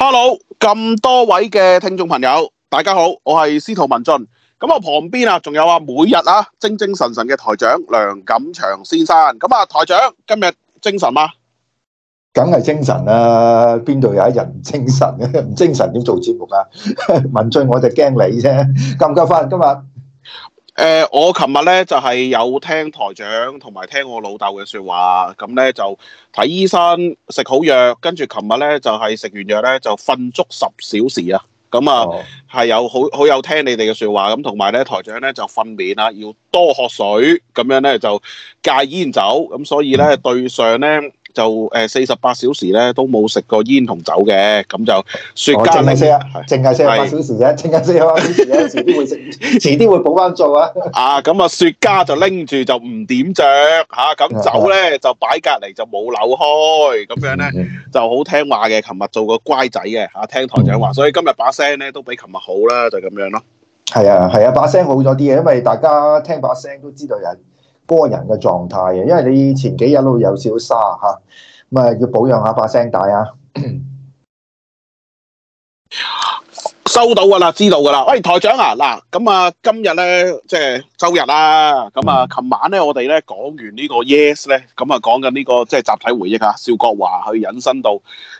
hello，咁多位嘅聽眾朋友，大家好，我係司徒文進，咁我旁邊啊仲有啊每日啊精精神神嘅台長梁錦祥先生，咁啊台長今日精神啊？梗係精神啦，邊度有一日唔精神嘅，唔精神點做節目啊？文進我就驚你啫，夠唔夠翻今日。誒、呃，我琴日咧就係、是、有聽台長同埋聽我老豆嘅説話，咁咧就睇醫生，食好藥，跟住琴日咧就係、是、食完藥咧就瞓足十小時啊，咁啊係有好好有聽你哋嘅説話，咁同埋咧台長咧就瞓眠啦，要多喝水，咁樣咧就戒煙酒，咁、嗯、所以咧對上咧。嗯就誒，四十,四十八小時咧都冇食過煙同酒嘅，咁就雪茄咧，淨係四十八小時啫，淨係四十八小時咧，遲啲會食，遲啲會補翻做啊、嗯就就。啊，咁啊，雪茄就拎住就唔點着吓，咁酒咧就擺隔籬就冇扭開，咁樣咧就好聽話嘅。琴日做個乖仔嘅吓，聽台長話，所以今日把聲咧都比琴日好啦，就咁樣咯。係啊，係啊，把聲好咗啲嘅，因為大家聽把聲都知道有。個人嘅狀態啊，因為你前幾日都有少沙吓，咁啊要保養下把聲帶啊。 收到噶啦，知道噶啦。喂，台長啊，嗱，咁啊今日咧即係周日啦，咁啊琴晚咧我哋咧講完呢個 yes 咧，咁啊講緊呢個即係集體回憶啊。邵國華去引申到，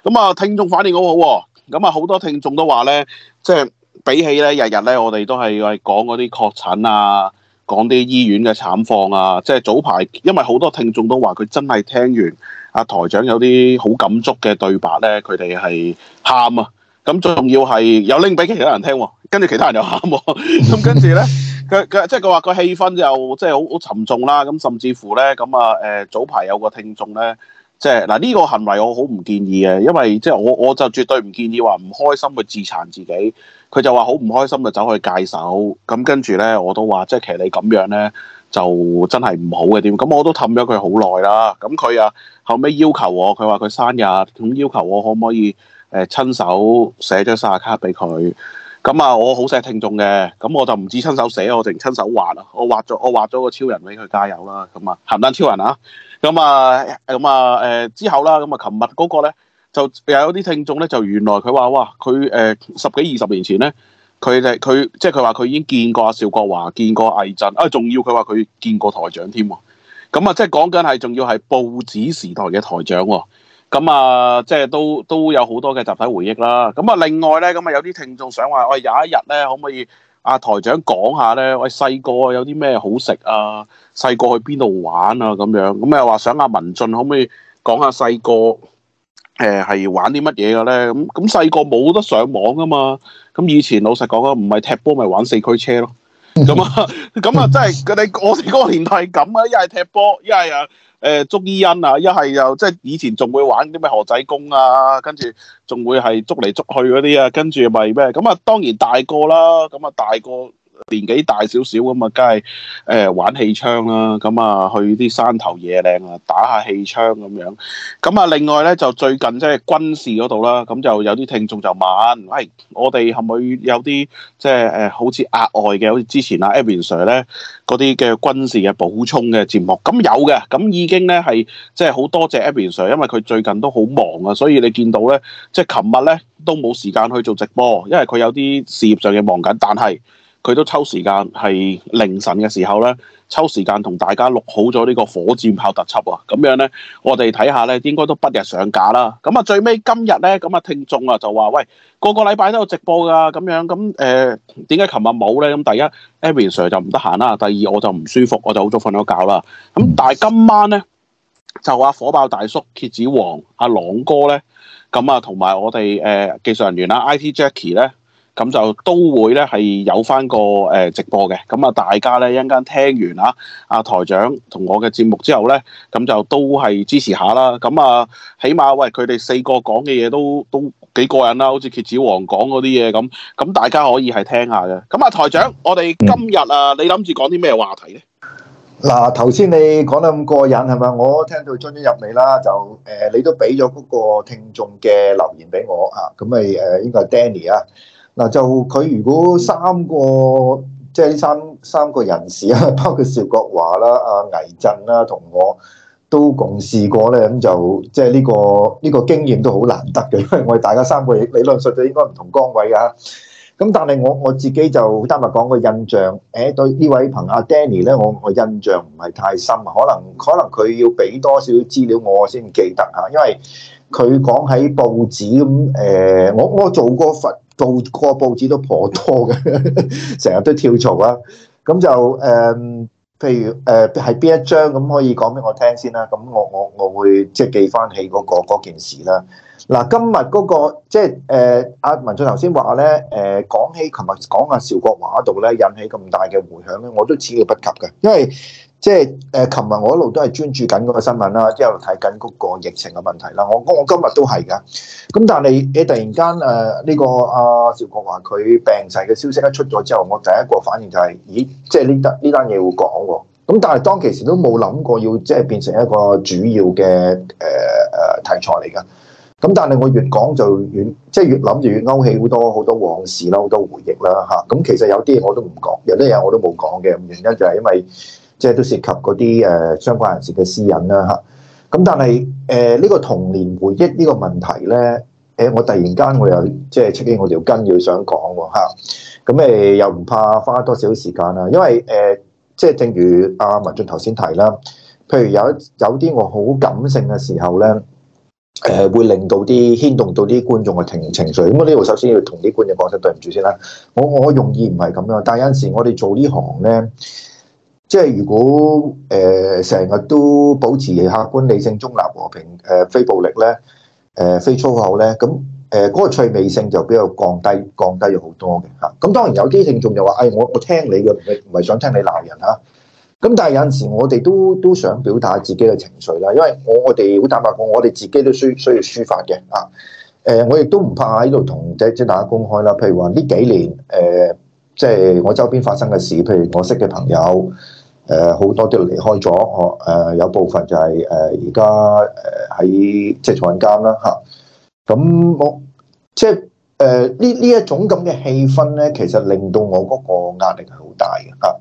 咁啊聽眾反應好好喎，咁啊好多聽眾都話咧，即係比起咧日日咧，我哋都係講嗰啲確診啊。講啲醫院嘅慘況啊，即係早排，因為好多聽眾都話佢真係聽完阿、啊、台長有啲好感觸嘅對白咧，佢哋係喊啊，咁最重要係有拎俾其他人聽喎、啊，跟住其他人又喊、啊，咁 跟住咧，佢佢即係佢話個氣氛又即係好好沉重啦、啊，咁甚至乎咧，咁啊誒、呃、早排有個聽眾咧。即係嗱，呢個行為我好唔建議嘅，因為即係我我就絕對唔建議話唔開心去自殘自己。佢就話好唔開心就走去戒手。咁跟住咧，我都話即係其實你咁樣咧就真係唔好嘅點。咁我都氹咗佢好耐啦。咁佢啊，後尾要求我，佢話佢生日，咁要求我可唔可以誒親手寫張生日卡俾佢。咁啊我好錫聽眾嘅，咁我就唔知親手寫我淨親手畫啦。我畫咗我畫咗個超人俾佢加油啦。咁啊鹹蛋超人啊！咁啊，咁啊、嗯，誒、嗯嗯、之後啦，咁、嗯、啊，琴日嗰個咧，就有啲聽眾咧，就原來佢話哇，佢誒、呃、十幾二十年前咧，佢哋佢即係佢話佢已經見過啊，邵國華見過魏震，啊，仲要佢話佢見過台長添喎，咁、嗯、啊，即係講緊係仲要係報紙時代嘅台長喎，咁、嗯、啊，即、就、係、是、都都有好多嘅集體回憶啦，咁、嗯、啊，另外咧，咁啊有啲聽眾想話，我、哎、有一日咧，可唔可以？阿、啊、台長講下咧，喂細個有啲咩好食啊？細個去邊度玩啊？咁樣咁又話想阿、啊、文進可唔可以講下細個誒係玩啲乜嘢嘅咧？咁咁細個冇得上網㗎嘛！咁以前老實講啊，唔係踢波咪玩四驅車咯。咁啊咁啊，真係佢哋我哋嗰個年代係咁啊，一係踢波，一係啊。誒、呃、捉伊恩啊，一係又即係以前仲會玩啲咩河仔工啊，跟住仲會係捉嚟捉去嗰啲啊，跟住咪咩咁啊，當然大個啦，咁啊大個。年紀大少少咁啊，梗係誒玩氣槍啦，啊，咁啊去啲山頭野嶺啊，打下氣槍咁樣。咁啊，另外咧就最近即係軍事嗰度啦，咁就有啲聽眾就問：喂、哎，我哋係咪有啲即係誒好似額外嘅，好似之前啊，Abby Sir 咧嗰啲嘅軍事嘅補充嘅節目？咁有嘅，咁已經咧係即係好多謝 Abby Sir，因為佢最近都好忙啊，所以你見到咧即係琴日咧都冇時間去做直播，因為佢有啲事業上嘅忙緊，但係。佢都抽時間係凌晨嘅時候咧，抽時間同大家錄好咗呢個火箭炮特輯啊！咁樣咧，我哋睇下咧，應該都不日上架啦。咁啊，最尾今日咧，咁啊聽眾啊就話：喂，個個禮拜都有直播噶，咁樣咁誒，點解琴日冇咧？咁第一，a m Sir 就唔得閒啦；第二，我就唔舒服，我就好早瞓咗覺啦。咁但係今晚咧，就話火爆大叔、蝎子王、阿朗哥咧，咁啊，同埋我哋誒、呃、技術人員啦，IT Jackie 咧。咁就都會咧係有翻個誒直播嘅。咁啊大家咧一陣間聽完啊阿、啊、台長同我嘅節目之後咧，咁就都係支持下啦。咁啊，起碼喂佢哋四個講嘅嘢都都幾過癮啦，好似蠍子王講嗰啲嘢咁，咁大家可以係聽下嘅。咁啊台長，我哋今日啊，你諗住講啲咩話題咧？嗱、嗯，頭先你講得咁過癮係咪？是是我聽到津津入嚟啦，就誒、呃、你都俾咗嗰個聽眾嘅留言俾我啊，咁咪誒應該係 Danny 啊。嗱就佢如果三個即係、就是、三三個人士啊， 包括邵國華啦、阿倪震啦，同我都共事過咧，咁就即係呢個呢、這個經驗都好難得嘅，因為我哋大家三個理論上就應該唔同崗位啊。咁但係我我自己就單獨講個印象，誒、哎、對呢位朋友 Danny 咧，我我印象唔係太深，可能可能佢要俾多少資料我先記得吓，因為佢講喺報紙咁誒、呃，我我做過份。報個報紙都頗多嘅，成日都跳槽啦、啊。咁就誒，譬如誒係邊一張咁，可以講俾我聽先啦。咁我我我會即係記翻起嗰、那個件事啦。嗱、啊，今日嗰、那個即係誒，阿、就是呃、文俊頭先話咧，誒、呃、講起琴日講阿邵國華度咧，引起咁大嘅迴響咧，我都始料不及嘅，因為。即係誒，琴日我一路都係專注緊嗰個新聞啦、啊，之後睇緊嗰個疫情嘅問題啦、啊。我我今日都係㗎。咁但係你你突然間誒、啊、呢、這個阿、啊、邵國華佢病逝嘅消息一出咗之後，我第一個反應就係、是，咦，即係呢單呢單嘢會講喎、啊。咁但係當其時都冇諗過要即係變成一個主要嘅誒誒題材嚟㗎。咁但係我越講就越，即、就、係、是、越諗就越勾起好多好多往事啦，好多回憶啦嚇。咁、啊、其實有啲嘢我都唔講，有啲嘢我都冇講嘅，原因就係因為。即係都涉及嗰啲誒相關人士嘅私隱啦嚇。咁但係誒呢個童年回憶呢個問題咧，誒、呃、我突然間我又、嗯嗯、即係刺激我條根要想講喎。咁誒又唔怕花多少時間啦，因為誒即係正如阿文進頭先提啦，譬如有有啲我好感性嘅時候咧，誒、呃、會令到啲牽動到啲觀眾嘅情情緒。咁我呢度首先要同啲觀眾講聲對唔住先啦。我我用意唔係咁樣，但係有陣時我哋做呢行咧。即係如果誒成日都保持客觀、理性、中立、和平誒、呃，非暴力咧，誒、呃、非粗口咧，咁誒嗰個趣味性就比較降低，降低咗好多嘅嚇。咁當然有啲聽眾就話：誒、哎、我我聽你嘅，唔係想聽你鬧人嚇。咁但係有陣時我哋都都想表達自己嘅情緒啦，因為我我哋好坦白講，我哋自己都需要需要抒發嘅啊。誒、呃、我亦都唔怕喺度同大家公開啦。譬如話呢幾年誒，即、呃、係、就是、我周邊發生嘅事，譬如我識嘅朋友。誒好多都離開咗，我誒有部分就係誒而家誒喺即係坐緊監啦嚇。咁我即係誒呢呢一種咁嘅氣氛咧，其實令到我嗰個壓力係好大嘅嚇。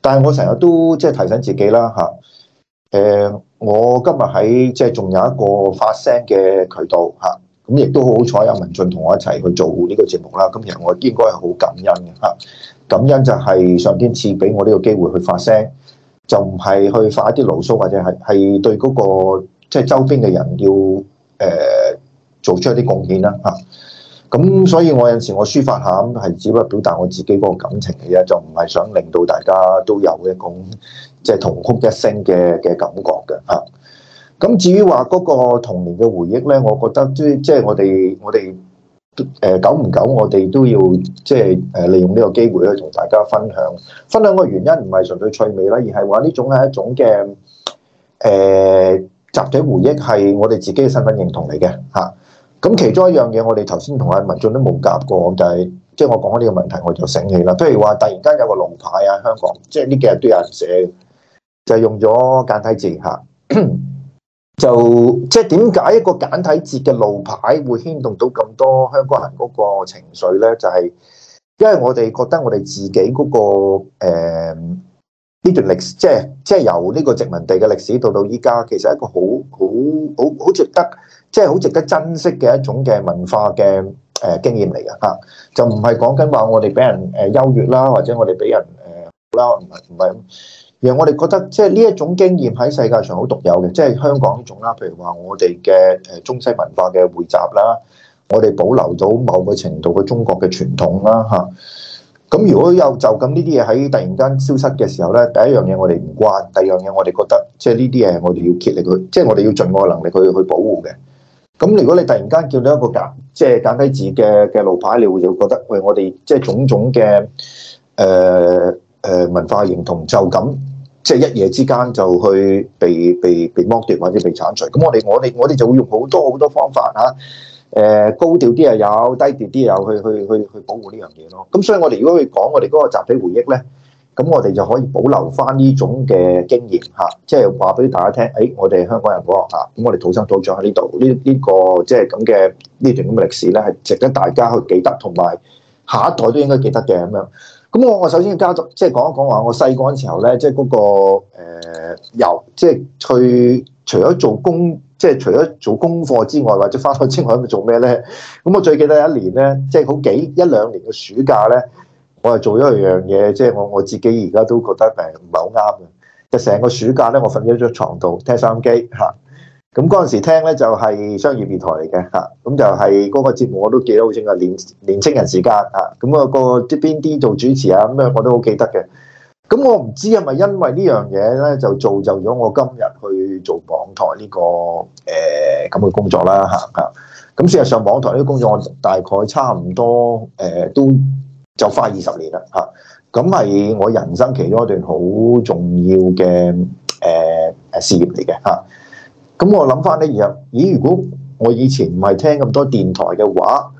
但係我成日都即係、就是、提醒自己啦嚇。誒、呃、我今日喺即係仲有一個發聲嘅渠道嚇，咁、啊、亦都好好彩有文進同我一齊去做呢個節目啦。今日我應該係好感恩嘅嚇。感恩就係上天賜俾我呢個機會去發聲，就唔係去發一啲牢騷，或者係係對嗰個即係周邊嘅人要誒做出一啲貢獻啦嚇。咁所以我有陣時我抒發下咁，係只不過表達我自己嗰個感情嘅啫，就唔係想令到大家都有一種即係同哭一聲嘅嘅感覺嘅嚇。咁至於話嗰個童年嘅回憶咧，我覺得即即係我哋我哋。誒久唔久，我哋都要即係誒利用呢個機會去同大家分享。分享嘅原因唔係純粹趣味啦，而係話呢種係一種嘅誒、呃、集體回憶，係我哋自己嘅身份認同嚟嘅嚇。咁其中一樣嘢，我哋頭先同阿文俊都冇夾過，就係，就係即係我講開呢個問題，我就醒起啦。譬如話突然間有個龍牌啊，香港即係呢幾日都有人寫，就係用咗簡體字嚇。就即係點解一個簡體字嘅路牌會牽動到咁多香港人嗰個情緒呢？就係、是、因為我哋覺得我哋自己嗰、那個誒呢、呃、段歷史，即係即係由呢個殖民地嘅歷史到到依家，其實係一個好好好好值得，即係好值得珍惜嘅一種嘅文化嘅誒、呃、經驗嚟㗎吓。就唔係講緊話我哋俾人誒優越啦，或者我哋俾人誒好啦，唔係唔係咁。呃我哋覺得即係呢一種經驗喺世界上好獨有嘅，即係香港呢種啦。譬如話我哋嘅誒中西文化嘅匯集啦，我哋保留到某個程度嘅中國嘅傳統啦，嚇。咁如果有就咁呢啲嘢喺突然間消失嘅時候咧，第一樣嘢我哋唔慣，第二樣嘢我哋覺得即係呢啲嘢我哋要竭力去，即係我哋要盡我能力去去保護嘅。咁如果你突然間見到一個簡即係簡體字嘅嘅路牌，你會就覺得喂，我哋即係種種嘅誒誒文化認同就咁。即係一夜之間就去被被被剝奪或者被剷除，咁我哋我哋我哋就會用好多好多方法嚇，誒、呃、高調啲又有，低調啲又有，去去去去保護呢樣嘢咯。咁所以我哋如果去講我哋嗰個集體回憶咧，咁我哋就可以保留翻呢種嘅經驗嚇，即係話俾大家聽，誒、哎、我哋香港人嗰嚇咁、啊、我哋土生土長喺呢度，呢、這、呢個即係咁嘅呢段咁嘅歷史咧係值得大家去記得，同埋下一代都應該記得嘅咁樣。咁我我首先交咗，即係講一講話我細個嗰時候咧，即係嗰個誒即係去除咗做功，即係除咗做功課之外，或者翻去青海度做咩咧？咁我最記得一年咧，即係好幾一兩年嘅暑假咧，我係做咗一樣嘢，即係我我自己而家都覺得誒唔係好啱嘅，就成個暑假咧，我瞓咗張床度聽收音機嚇。咁嗰陣時聽咧就係商業電台嚟嘅嚇，咁就係嗰個節目我都記得好清楚，年年青人時間啊，咁、嗰個個即邊啲做主持啊，咁啊我都好記得嘅。咁我唔知係咪因為呢樣嘢咧，就造就咗我今日去做網台呢、呢個誒咁嘅工作啦嚇嚇。咁、啊、事實上網台呢個工作我大概差唔多誒、呃、都就快二十年啦嚇，咁、啊、係我人生其中一段好重要嘅誒誒事業嚟嘅嚇。啊咁我諗翻呢，若咦，如果我以前唔係聽咁多電台嘅話，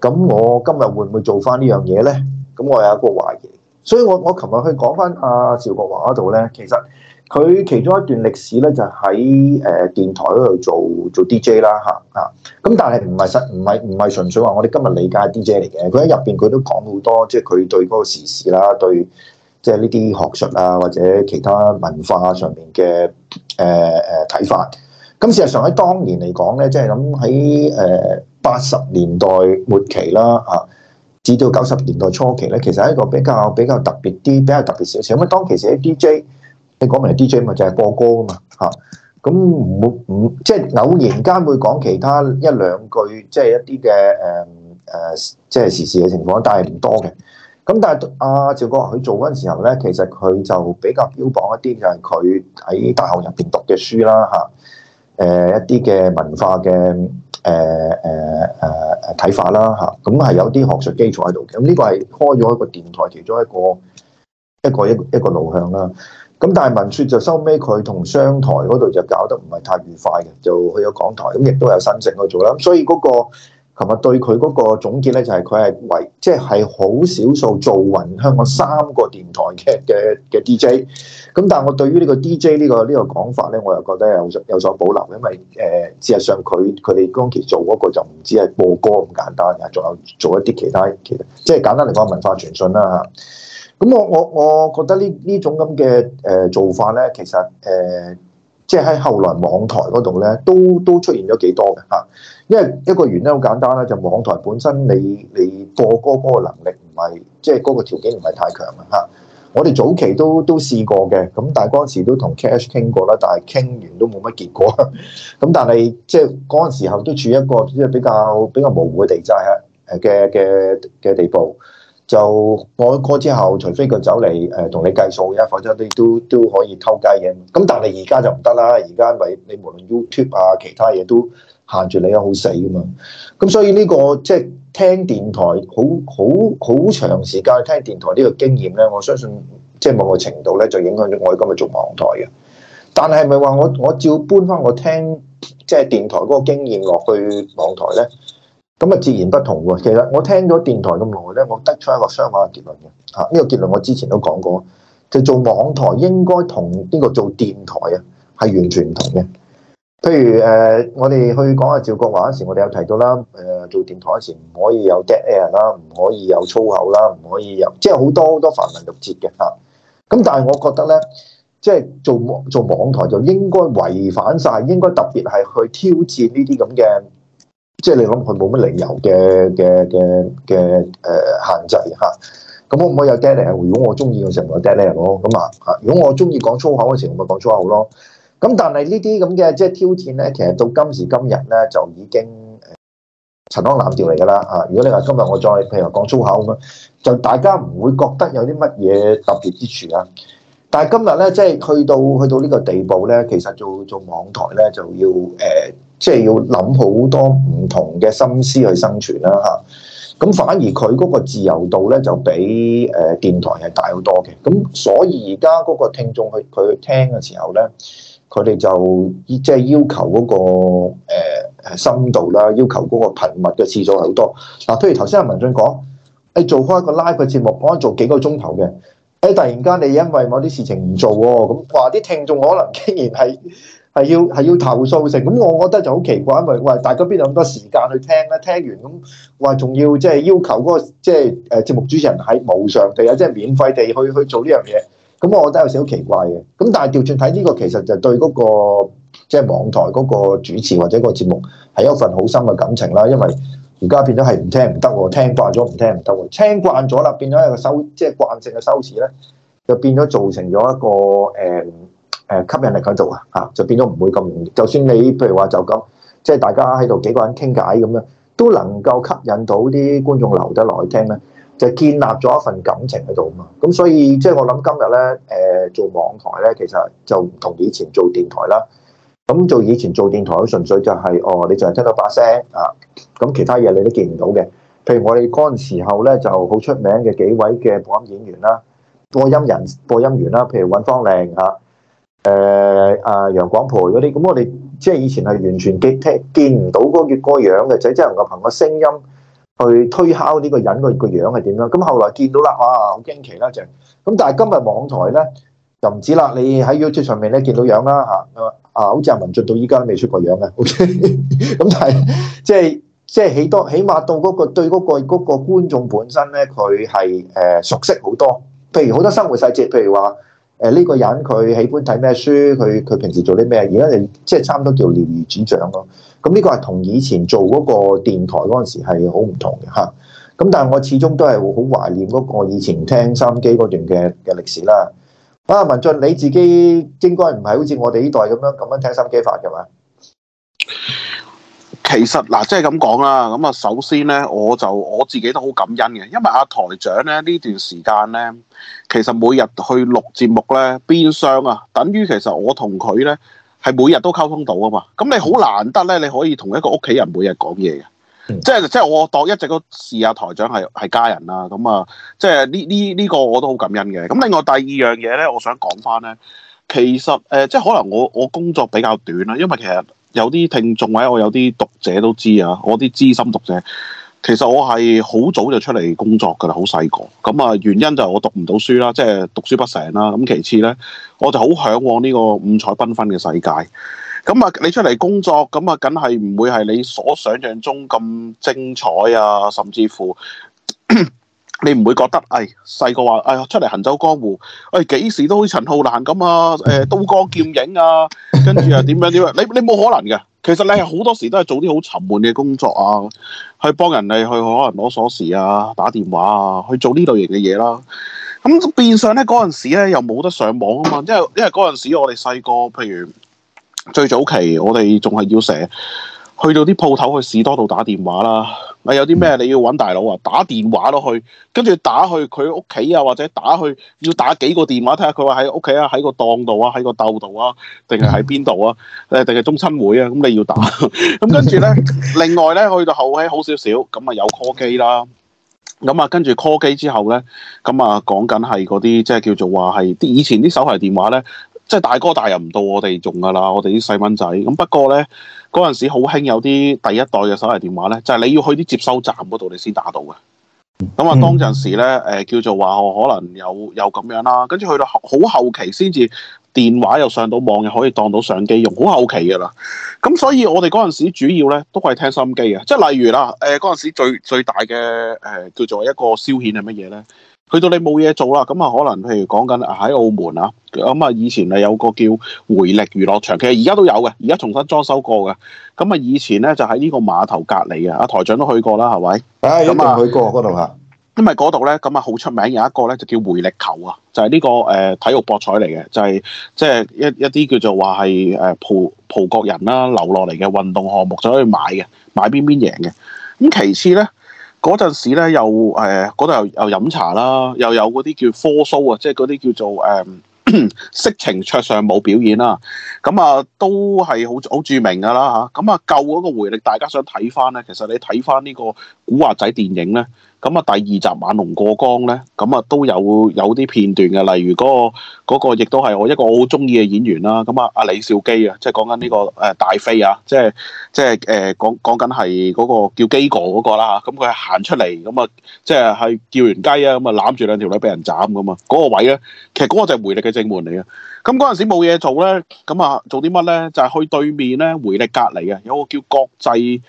咁我今日會唔會做翻呢樣嘢咧？咁我有一個懷疑。所以我我琴日去講翻阿邵國華嗰度咧，其實佢其中一段歷史咧就喺、是、誒電台嗰度做做 DJ 啦，吓啊！咁、啊、但係唔係實唔係唔係純粹話我哋今日理解 DJ 嚟嘅。佢喺入邊佢都講好多，即係佢對嗰個時事啦，對即係呢啲學術啊或者其他文化上面嘅誒誒睇法。咁事實上喺當年嚟講咧，即係咁喺誒八十年代末期啦，嚇，至到九十年代初期咧，其實係一個比較比較特別啲，比較特別少少。咁啊，當其時喺 D J 你講明係 D J 咪就係播歌啊嘛嚇。咁唔會唔即係偶然間會講其他一兩句，即係一啲嘅誒誒，即係時事嘅情況，但係唔多嘅。咁但係阿趙哥佢做嗰陣時候咧，其實佢就比較標榜一啲，就係佢喺大學入邊讀嘅書啦嚇。誒、呃、一啲嘅文化嘅誒誒誒誒睇法啦嚇，咁、嗯、係有啲學術基礎喺度嘅，咁呢個係開咗一個電台其中一個一個一個一個路向啦。咁、嗯、但係文說就收尾佢同商台嗰度就搞得唔係太愉快嘅，就去咗港台，咁、嗯、亦都有新城去做啦。咁所以嗰、那個。琴日對佢嗰個總結咧，就係佢係唯，即係係好少數做勻香港三個電台嘅嘅嘅 DJ。咁但係我對於呢個 DJ 呢、呢個呢、呢個講法咧，我又覺得有有所保留，因為誒、呃、事實上佢佢哋當期做嗰個就唔止係播歌咁簡單嘅，仲有做一啲其他，其實即係簡單嚟講文化傳訊啦。咁我我我覺得呢呢種咁嘅誒做法咧，其實誒。呃即係喺後來網台嗰度咧，都都出現咗幾多嘅嚇，因為一個原因好簡單啦，就網台本身你你播歌歌嘅能力唔係，即係嗰個條件唔係太強嘅嚇。我哋早期都都試過嘅，咁但係嗰陣時都同 CASH 傾過啦，但係傾完都冇乜結果。咁但係即係嗰陣時候都處於一個即係比較比較模糊嘅地界嚇，誒嘅嘅嘅地步。就播咗歌之後，除非佢走嚟誒同你計數嘅，否則你都都都可以偷雞嘅。咁但係而家就唔得啦，而家咪你無論 YouTube 啊，其他嘢都限住你啊，好死噶嘛。咁所以呢個即係聽電台好好好長時間聽電台呢個經驗咧，我相信即係某個程度咧就影響咗我今日做網台嘅。但係唔係話我我照搬翻我聽即係電台嗰個經驗落去網台咧？咁啊，就自然不同喎。其實我聽咗電台咁耐咧，我得出一個相反嘅結論嘅。嚇、啊，呢、這個結論我之前都講過，就做網台應該同呢個做電台啊係完全唔同嘅。譬如誒、呃，我哋去講下趙國華嗰時，我哋有提到啦，誒、呃、做電台嗰時唔可以有 dead air 啦，唔可以有粗口啦，唔可以有即係好多好多繁文縟節嘅嚇。咁、啊、但係我覺得咧，即、就、係、是、做做網台就應該違反晒，應該特別係去挑戰呢啲咁嘅。即係你諗佢冇乜理由嘅嘅嘅嘅誒限制吓，咁可唔可以有 deadly？如果我中意嘅時候有 deadly 咯，咁啊吓，如果我中意講粗口嘅時候咪講粗口咯。咁但係呢啲咁嘅即係挑戰咧，其實到今時今日咧就已經陳腔濫調嚟噶啦吓。如果你話今日我再譬如講粗口咁啊，就大家唔會覺得有啲乜嘢特別之處啊？但係今日咧即係去到去到呢個地步咧，其實做做網台咧就要誒。啊即係要諗好多唔同嘅心思去生存啦、啊、嚇，咁、啊、反而佢嗰個自由度咧就比誒電台係大好多嘅，咁、啊、所以而家嗰個聽眾佢佢聽嘅時候咧，佢哋就即係、就是、要求嗰、那個誒、呃、深度啦，要求嗰個頻密嘅次數係好多。嗱、啊，譬如頭先阿文俊阿文進講，誒、欸、做開一個 live 嘅節目，講、啊、做幾個鐘頭嘅，誒、欸、突然間你因為某啲事情唔做喎、哦，咁話啲聽眾可能竟然係。係要係要投訴成咁，我覺得就好奇怪，因為話大家邊有咁多時間去聽咧？聽完咁話仲要即係要求嗰個即係誒節目主持人喺無償地即係即係免費地去去做呢樣嘢，咁我覺得有少少奇怪嘅。咁但係調轉睇呢個其實就對嗰個即係網台嗰個主持或者個節目係一份好深嘅感情啦，因為而家變咗係唔聽唔得喎，聽慣咗唔聽唔得喎，聽慣咗啦變咗係收即係慣性嘅收視咧，就變咗造成咗一個誒。嗯誒吸引力佢做啊嚇，就變咗唔會咁容易。就算你譬如話就咁，即係大家喺度幾個人傾偈咁樣，都能夠吸引到啲觀眾留得落去聽咧，就建立咗一份感情喺度啊嘛。咁所以即係我諗今日咧，誒、呃、做網台咧，其實就唔同以前做電台啦。咁做以前做電台，純粹就係、是、哦，你就係聽到把聲啊，咁其他嘢你都見唔到嘅。譬如我哋嗰陣時候咧，就好出名嘅幾位嘅播音演員啦，播音人、播音員啦，譬如尹芳玲嚇。啊誒、呃、啊，楊廣培嗰啲，咁、嗯、我哋即係以前係完全見聽見唔到嗰個個樣嘅，就只係能夠憑個聲音去推敲呢個人個個樣係點樣。咁、嗯、後來見到啦，哇、啊，好驚奇啦、啊，就咁但係今日網台咧就唔止啦，你喺 YouTube 上面咧見到樣啦吓、啊，啊，好似阿文進到依家都未出過樣嘅。咁、嗯、但係即係即係起多起碼到嗰、那個對嗰、那個嗰、那個觀眾本身咧，佢係誒熟悉好多。譬如好多生活細節，譬如話。誒呢、啊這個人佢喜歡睇咩書，佢佢平時做啲咩？而家係即係差唔多叫瞭如指掌咯。咁、嗯、呢、這個係同以前做嗰個電台嗰陣時係好唔同嘅嚇。咁、啊、但係我始終都係會好懷念嗰個以前聽收音機嗰段嘅嘅歷史啦。啊，文進你自己應該唔係好似我哋呢代咁樣咁樣聽收音機法嘅嘛？其實嗱、啊，即係咁講啦，咁啊，首先咧，我就我自己都好感恩嘅，因為阿台長咧呢段時間咧，其實每日去錄節目咧變相啊，等於其實我同佢咧係每日都溝通到啊嘛。咁你好難得咧，你可以同一個屋企人每日講嘢嘅，即係即係我當一直都視阿台長係係家人啦、啊。咁啊，即係呢呢呢個我都好感恩嘅。咁另外第二樣嘢咧，我想講返咧，其實誒、呃，即係可能我我工作比較短啦，因為其實。有啲聽眾或者我有啲讀者都知啊。我啲資深讀者，其實我係好早就出嚟工作㗎啦，好細個。咁啊，原因就係我讀唔到書啦，即係讀書不成啦。咁其次呢，我就好嚮往呢個五彩繽紛嘅世界。咁啊，你出嚟工作，咁啊，梗係唔會係你所想像中咁精彩啊，甚至乎。 你唔會覺得，哎，細個話，哎出嚟行走江湖，哎幾時都好似陳浩南咁啊？誒、哎，刀光劍影啊，跟住又點樣點樣？你你冇可能嘅，其實你係好多時都係做啲好沉悶嘅工作啊，去幫人哋去可能攞鎖匙啊，打電話啊，去做呢類型嘅嘢啦。咁變相咧，嗰陣時咧又冇得上網啊嘛，因為因為嗰陣時我哋細個，譬如最早期我，我哋仲係要寫。去到啲鋪頭去士多度打電話啦！你有啲咩你要揾大佬啊？打電話都去，跟住打去佢屋企啊，或者打去要打幾個電話睇下佢話喺屋企啊，喺個檔度啊，喺個竇度啊，定係喺邊度啊？誒，定係中親會啊？咁、嗯、你要打，咁跟住咧，另外咧，去到後期好少少，咁啊有 call 機啦，咁啊跟住 call 機之後咧，咁啊講緊係嗰啲即係叫做話係啲以前啲手提電話咧。即係大哥大又唔到我哋用㗎啦，我哋啲細蚊仔。咁不過咧，嗰陣時好興有啲第一代嘅手提電話咧，就係你要去啲接收站嗰度你先打到嘅。咁啊，當陣時咧，誒叫做話可能有有咁樣啦，跟住去到好後期先至電話又上到網，又可以當到相機用，好後期㗎啦。咁所以我哋嗰陣時主要咧都係聽心機嘅，即係例如啦，誒嗰陣時最最大嘅誒、呃、叫做一個消遣係乜嘢咧？去到你冇嘢做啦，咁啊可能譬如講緊喺澳門啊，咁啊以前啊有個叫回力娛樂場，其實而家都有嘅，而家重新裝修過嘅。咁啊以前咧就喺呢個碼頭隔離嘅。阿台長都去過啦，係咪？啊、哎呀，一、嗯、去過嗰度啦，因為嗰度咧咁啊好出名，有一個咧就叫回力球啊，就係、是、呢個誒體育博彩嚟嘅，就係即係一一啲叫做話係誒葡葡國人啦留落嚟嘅運動項目，就可以買嘅，買邊邊贏嘅。咁其次咧。嗰陣時咧，又誒度、欸、又又，又飲茶啦，又有嗰啲叫科蘇啊，即係嗰啲叫做誒、啊、 色情桌上舞表演、啊啊、啦，咁啊都係好好著名噶啦嚇。咁啊舊嗰個回力，大家想睇翻咧，其實你睇翻呢個古惑仔電影咧。咁啊，第二集《猛龍過江》咧，咁啊都有有啲片段嘅，例如嗰、那個亦都係我一個好中意嘅演員啦。咁啊，阿、啊、李兆基啊，即係講緊呢個誒、呃、大飛啊，即係即係誒、呃、講講緊係嗰個叫基哥嗰個啦。咁佢行出嚟，咁啊即係係叫完雞啊，咁啊攬住兩條女俾人斬㗎嘛。嗰、那個位咧，其實嗰個就係回力嘅正門嚟嘅。咁嗰陣時冇嘢做咧，咁啊做啲乜咧？就係、是、去對面咧，回力隔離啊有個叫國際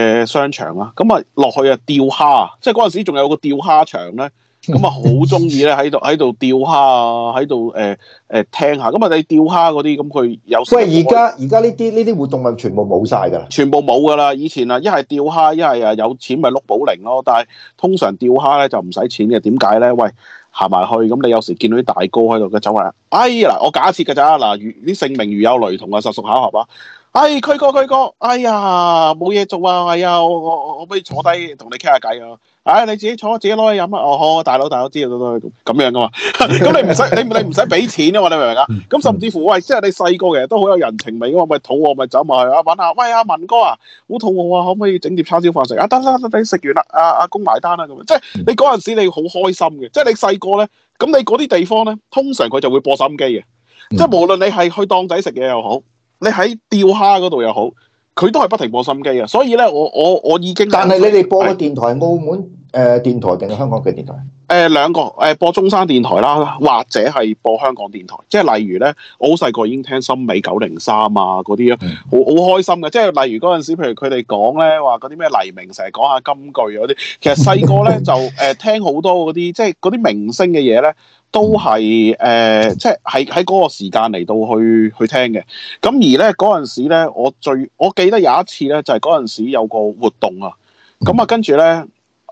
嘅商場啊，咁啊落去啊釣蝦，即係嗰陣時仲有個釣蝦場咧，咁啊好中意咧喺度喺度釣蝦啊，喺度誒誒聽下，咁啊你釣蝦嗰啲咁佢有，有。喂，而家而家呢啲呢啲活動咪全部冇曬㗎，全部冇㗎啦！以前啊，一係釣蝦，一係啊有錢咪碌保齡咯，但係通常釣蝦咧就唔使錢嘅。點解咧？喂行埋去，咁你有時見到啲大哥喺度嘅走埋，哎嗱，我假設㗎咋嗱，如啲姓名如有雷同啊，實屬巧合啊。哎，佢哥佢哥，哎呀，冇嘢做啊！哎呀，我我我不如坐低同你傾下偈啊！哎，你自己坐，自己攞去飲啊！哦，好，大佬大佬知道都都咁樣噶嘛？咁你唔使你你唔使俾錢啊嘛？你明唔明啊？咁甚至乎喂，即係你細個嘅都好有人情味嘅，咪肚餓咪走埋去啊搵下，喂阿文哥啊，好肚餓啊，可唔可以整碟叉燒飯食啊？得得得，等食完啦，阿阿公埋單啦咁樣，即係你嗰陣時你好開心嘅，即係你細個咧，咁你嗰啲地方咧，通常佢就會播心機嘅，即係無論你係去檔仔食嘢又好。你喺釣蝦嗰度又好，佢都係不停播心機啊！所以咧，我我我已經但係你哋播個電台，哎、澳門誒電台定香港嘅電台？誒、呃、兩個誒、呃、播中山電台啦，或者係播香港電台。即係例如咧，我好細個已經聽森美九零三啊嗰啲，好好的開心嘅。即係例如嗰陣時，譬如佢哋講咧話，嗰啲咩黎明成日講下金句嗰啲，其實細個咧就誒聽好多嗰啲即係嗰啲明星嘅嘢咧。都係誒、呃，即係喺喺嗰個時間嚟到去去聽嘅。咁而咧嗰陣時咧，我最我記得有一次咧，就係嗰陣時有個活動啊。咁啊，跟住咧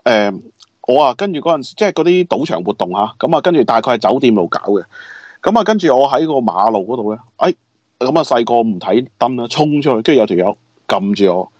誒，我啊跟住嗰陣時，即係嗰啲賭場活動嚇。咁啊，跟住大概係酒店度搞嘅。咁啊，跟住我喺個馬路嗰度咧，哎，咁啊細個唔睇燈啊，衝出去，跟住有條友撳住我，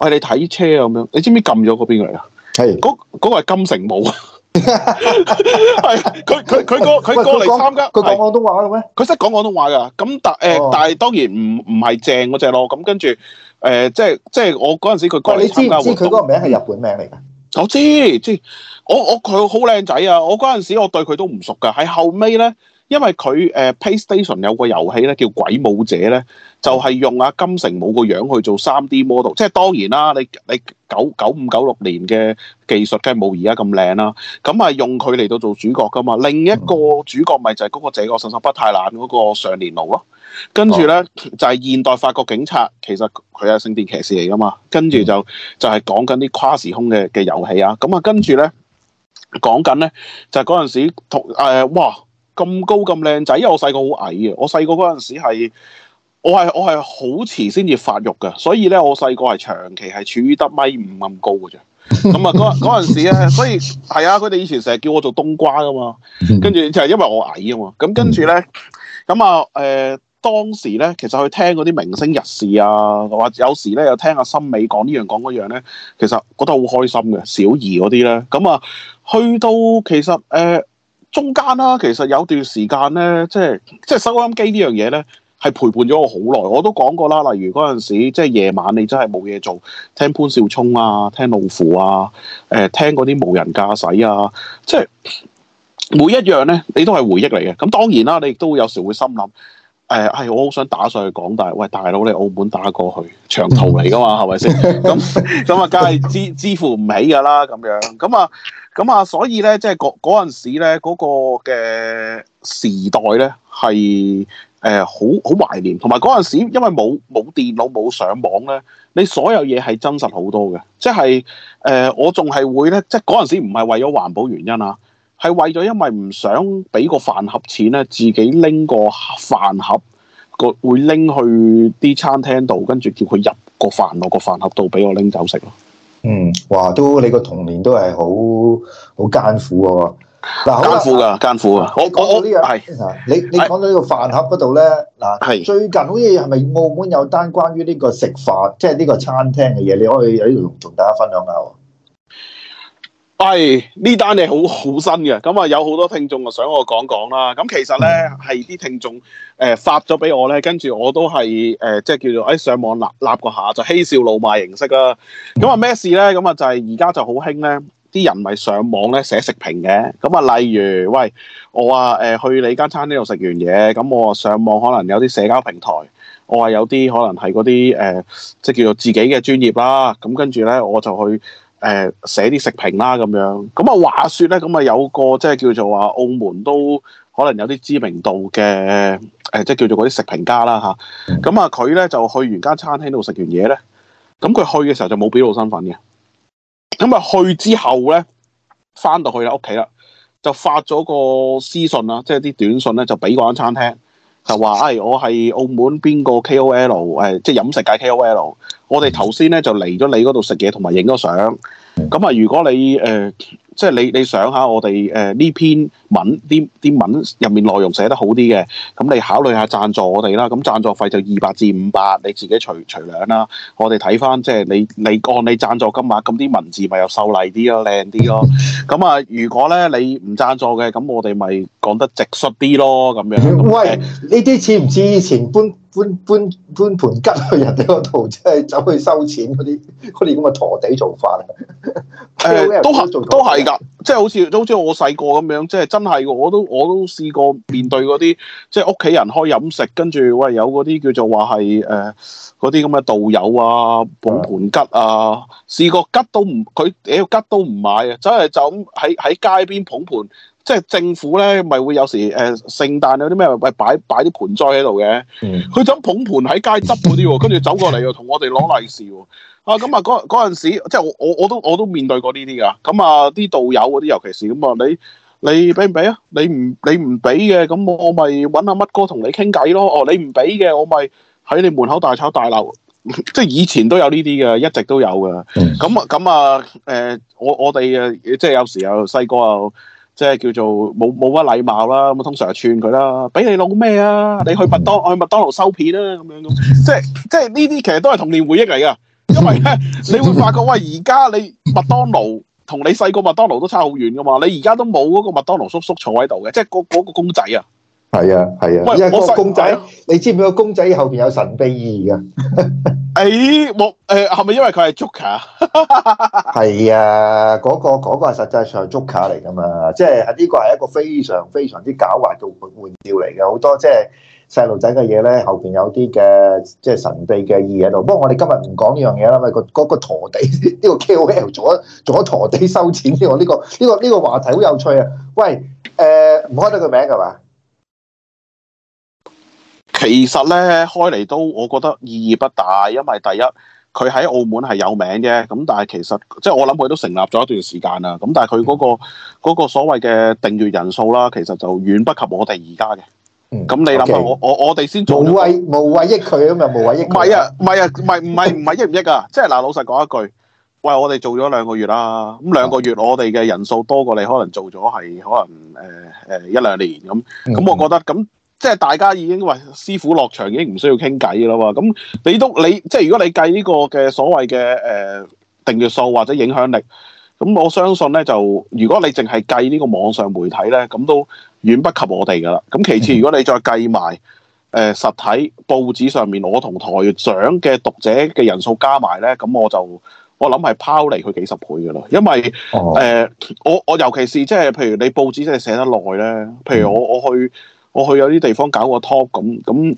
喂、哎、你睇車咁樣。你知唔知撳咗是、嗰個邊個嚟啊？係嗰嗰個係金城武啊！係佢佢佢個佢過嚟參加，佢講廣東話嘅咩？佢識講廣東話噶，咁但誒，但係、呃 oh. 當然唔唔係正嗰隻咯。咁跟住誒、呃，即係即係我嗰陣時佢過嚟參加，你知知佢嗰個名係日本名嚟噶？我知知，我我佢好靚仔啊！我嗰陣時我對佢都唔熟噶，喺後尾咧，因為佢誒、呃、PlayStation 有個遊戲咧叫《鬼武者》咧，就係、是、用阿、啊、金城武個樣去做三 D model，即係當然啦，你你。你你九九五九六年嘅技術梗係冇而家咁靚啦，咁啊用佢嚟到做主角噶嘛，另一個主角咪就係嗰個這個殺手不太冷嗰個尚雷諾咯，跟住咧就係、是、現代法國警察，其實佢係聖殿騎士嚟噶嘛，跟住就就係、是、講緊啲跨時空嘅嘅遊戲啊，咁啊跟住咧講緊咧就係嗰陣時同誒、呃、哇咁高咁靚仔，因為我細個好矮啊。我細個嗰陣時係。我係我係好遲先至發育嘅，所以咧我細個係長期係處於得米五咁高嘅啫。咁啊嗰嗰陣時咧，所以係啊，佢哋以前成日叫我做冬瓜噶嘛，跟住就係因為我矮啊嘛。咁跟住咧，咁啊誒，當時咧其實去聽嗰啲明星日事啊，話有時咧又聽阿森美講呢樣講嗰樣咧，其實覺得好開心嘅小儀嗰啲咧。咁啊，去到其實誒、呃、中間啦、啊，其實有段時間咧，即係即係收音機呢樣嘢咧。係陪伴咗我好耐，我都講過啦。例如嗰陣時，即係夜晚你真係冇嘢做，聽潘少聰啊，聽路芙啊，誒、呃、聽嗰啲無人駕駛啊，即係每一樣咧，你都係回憶嚟嘅。咁當然啦，你亦都有時會心諗誒，係、呃哎、我好想打上去港台，喂大佬，你澳門打過去長途嚟㗎嘛，係咪先？咁咁啊，梗係支支付唔起㗎啦。咁樣咁啊咁啊，所以咧，即係嗰嗰陣時咧，嗰個嘅時代咧係。呢誒好好懷念，同埋嗰陣時，因為冇冇電腦冇上網咧，你所有嘢係真實好多嘅，即係誒、呃、我仲係會咧，即係嗰陣時唔係為咗環保原因啊，係為咗因為唔想俾個飯盒錢咧，自己拎個飯盒個會拎去啲餐廳度，跟住叫佢入個飯落個飯盒度俾我拎走食咯。嗯，哇，都你個童年都係好好艱苦喎。嗱，辛苦噶，辛苦啊！我講呢樣，係你你講到呢個飯盒嗰度咧，嗱，最近好似係咪澳門有單關於呢個食飯，即係呢個餐廳嘅嘢，你可以喺度同大家分享下喎。係呢單嘢好好新嘅，咁啊有好多聽眾啊想我講講啦。咁其實咧係啲聽眾誒發咗俾我咧，跟住我都係誒即係叫做喺上網立立個下，就嬉笑怒罵形式啊。咁啊咩事咧？咁啊就係而家就好興咧。啲人咪上網咧寫食評嘅，咁啊，例如喂，我話，啊、誒去你間餐廳度食完嘢，咁我上網可能有啲社交平台，我話有啲可能係嗰啲誒，即係叫做自己嘅專業啦，咁跟住咧我就去誒，呃、寫啲食評啦咁樣，咁啊話説咧，咁啊有個即係叫做話澳門都可能有啲知名度嘅誒，即係叫做嗰啲食評家啦吓，咁啊佢咧就去完間餐廳度食完嘢咧，咁佢去嘅時候就冇表露身份嘅。咁啊去之後咧，翻到去啦屋企啦，就發咗個私信啦，即係啲短信咧，就俾嗰間餐廳，就話，唉、哎，我係澳門邊個 KOL，誒，即係飲食界 KOL，我哋頭先咧就嚟咗你嗰度食嘢同埋影咗相，咁啊，如果你誒。呃即係你你想下我哋誒呢篇文啲啲文入面內容寫得好啲嘅，咁你考慮下贊助我哋啦。咁贊助費就二百至五百，你自己隨隨量啦。我哋睇翻即係你你，你按你贊助金額，咁啲文字咪又秀麗啲咯，靚啲咯。咁啊，如果咧你唔贊助嘅，咁我哋咪～講得直率啲咯，咁樣。喂，呢啲似唔似以前搬搬搬搬盤吉去人哋嗰度，即係走去收錢嗰啲嗰啲咁嘅陀地做法？誒、欸，都合作，都係㗎。即係好似好似我細個咁樣，即係真係我都我都試過面對嗰啲，即係屋企人開飲食，跟住喂有嗰啲叫做話係誒嗰啲咁嘅道友啊，捧盤吉啊，試過吉都唔佢屌吉都唔買啊，真係就咁喺喺街邊捧盤。即係政府咧，咪會有時誒、呃、聖誕有啲咩咪擺擺啲盆栽喺度嘅，佢就捧盤喺街執嗰啲喎，跟住走過嚟又同我哋攞利是喎、啊。咁啊嗰嗰陣時，即係我我我都我都面對過呢啲㗎。咁、嗯、啊啲導友嗰啲，尤其是咁、嗯、啊，你你俾唔俾啊？你唔、嗯啊、你唔俾嘅，咁我咪揾阿乜哥同你傾偈咯。哦，你唔俾嘅，我咪喺你門口大吵大鬧。 即係以前都有呢啲㗎，一直都有㗎。咁、嗯嗯嗯嗯、啊咁啊誒，我我哋誒即係有時候細個啊，即係叫做冇冇乜禮貌啦。咁通常係串佢啦，俾你攞咩啊？你去麥當去麥當勞收片啦、啊、咁樣咯。即係即係呢啲其實都係童年回憶嚟㗎。 因為咧，你會發覺喂，而家你麥當勞同你細個麥當勞都差好遠噶嘛？你而家都冇嗰個麥當勞叔叔坐喺度嘅，即係嗰嗰個公仔啊，係啊係啊，因為個公仔，喂你知唔知個公仔後邊有神秘意義噶？誒、 哎，我誒，係、呃、咪因為佢係 Joker？係啊，嗰、那個嗰、那個係實際上 Joker 嚟噶嘛？即係呢個係一個非常非常之狡猾嘅玩笑嚟嘅，好多即、就、係、是。細路仔嘅嘢咧，後邊有啲嘅即係神秘嘅意義喺度。不過我哋今日唔講呢樣嘢啦，因為嗰個嗰個陀地呢個 K O L 做咗做咗陀地收錢。呢個呢個呢個話題好有趣啊！喂，誒唔開得個名係嘛？其實咧開嚟都，我覺得意義不大，因為第一佢喺澳門係有名嘅，咁但係其實即係我諗佢都成立咗一段時間啦。咁但係佢嗰個嗰個所謂嘅訂閱人數啦，其實就遠不及我哋而家嘅。咁你諗下，我我我哋先做，那個，冇畏無畏益佢㗎嘛？冇畏益。唔係 啊，唔係啊，唔係唔係唔係益唔益啊？即係嗱，老實講一句，喂，我哋做咗兩個月啦，咁兩個月 我哋嘅人數多過你，可能做咗係可能誒誒一兩年咁。咁我覺得咁即係大家已經話師傅落場已經唔需要傾偈啦嘛。咁你都你即係，就是，如果你計呢個嘅所謂嘅誒訂閱數或者影響力，咁我相信咧就如果你淨係計呢個網上，網上媒體咧，咁都。遠不及我哋㗎啦。咁其次，如果你再計埋誒實體報紙上面我同台長嘅讀者嘅人數加埋咧，咁我就我諗係拋離佢幾十倍㗎啦。因為誒、呃哦、我我尤其是即係譬如你報紙真係寫得耐咧，譬如我我去我去有啲地方搞個 top 咁咁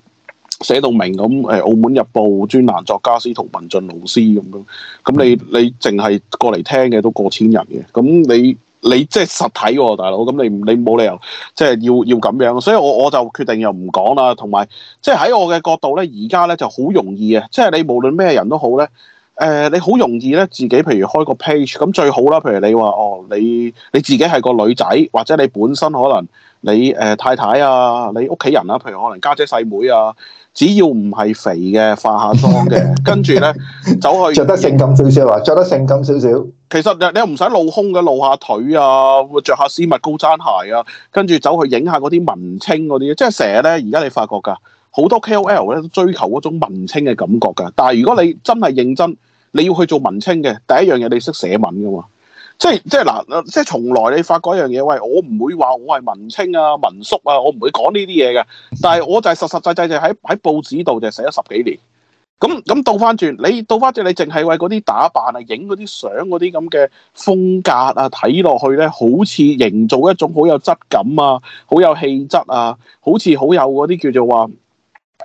寫到明咁誒《澳門日報》專欄作家司徒文進老師咁樣，咁你你淨係過嚟聽嘅都過千人嘅，咁你。你即係實體喎，大佬，咁你你冇理由即係要要咁樣，所以我我就決定又唔講啦，同埋即係喺我嘅角度咧，而家咧就好容易啊，即係你無論咩人都好咧。誒、呃、你好容易咧，自己譬如開個 page 咁最好啦。譬如你話哦，你你自己係個女仔，或者你本身可能你誒、呃、太太啊，你屋企人啊，譬如可能家姐細妹啊，只要唔係肥嘅，化下妝嘅，跟住咧走去着 得性感少少啊，著得性感少少。其實你又唔使露胸嘅，露下腿啊，着下絲襪高踭鞋啊，跟住走去影下嗰啲文青嗰啲，即係成日咧，而家你發覺㗎。好多 K.O.L 咧都追求嗰種文青嘅感覺㗎，但係如果你真係認真，你要去做文青嘅第一樣嘢，你識寫文噶嘛？即係即係嗱，即係、呃、從來你發覺嗰樣嘢，喂，我唔會話我係文青啊、民宿啊，我唔會講呢啲嘢嘅。但係我就係實實在在就喺喺報紙度就寫咗十幾年。咁咁倒翻轉，你倒翻轉，你淨係為嗰啲打扮啊、影嗰啲相嗰啲咁嘅風格啊，睇落去咧好似營造一種好有質感啊、好有氣質啊，好似好有嗰啲叫做話。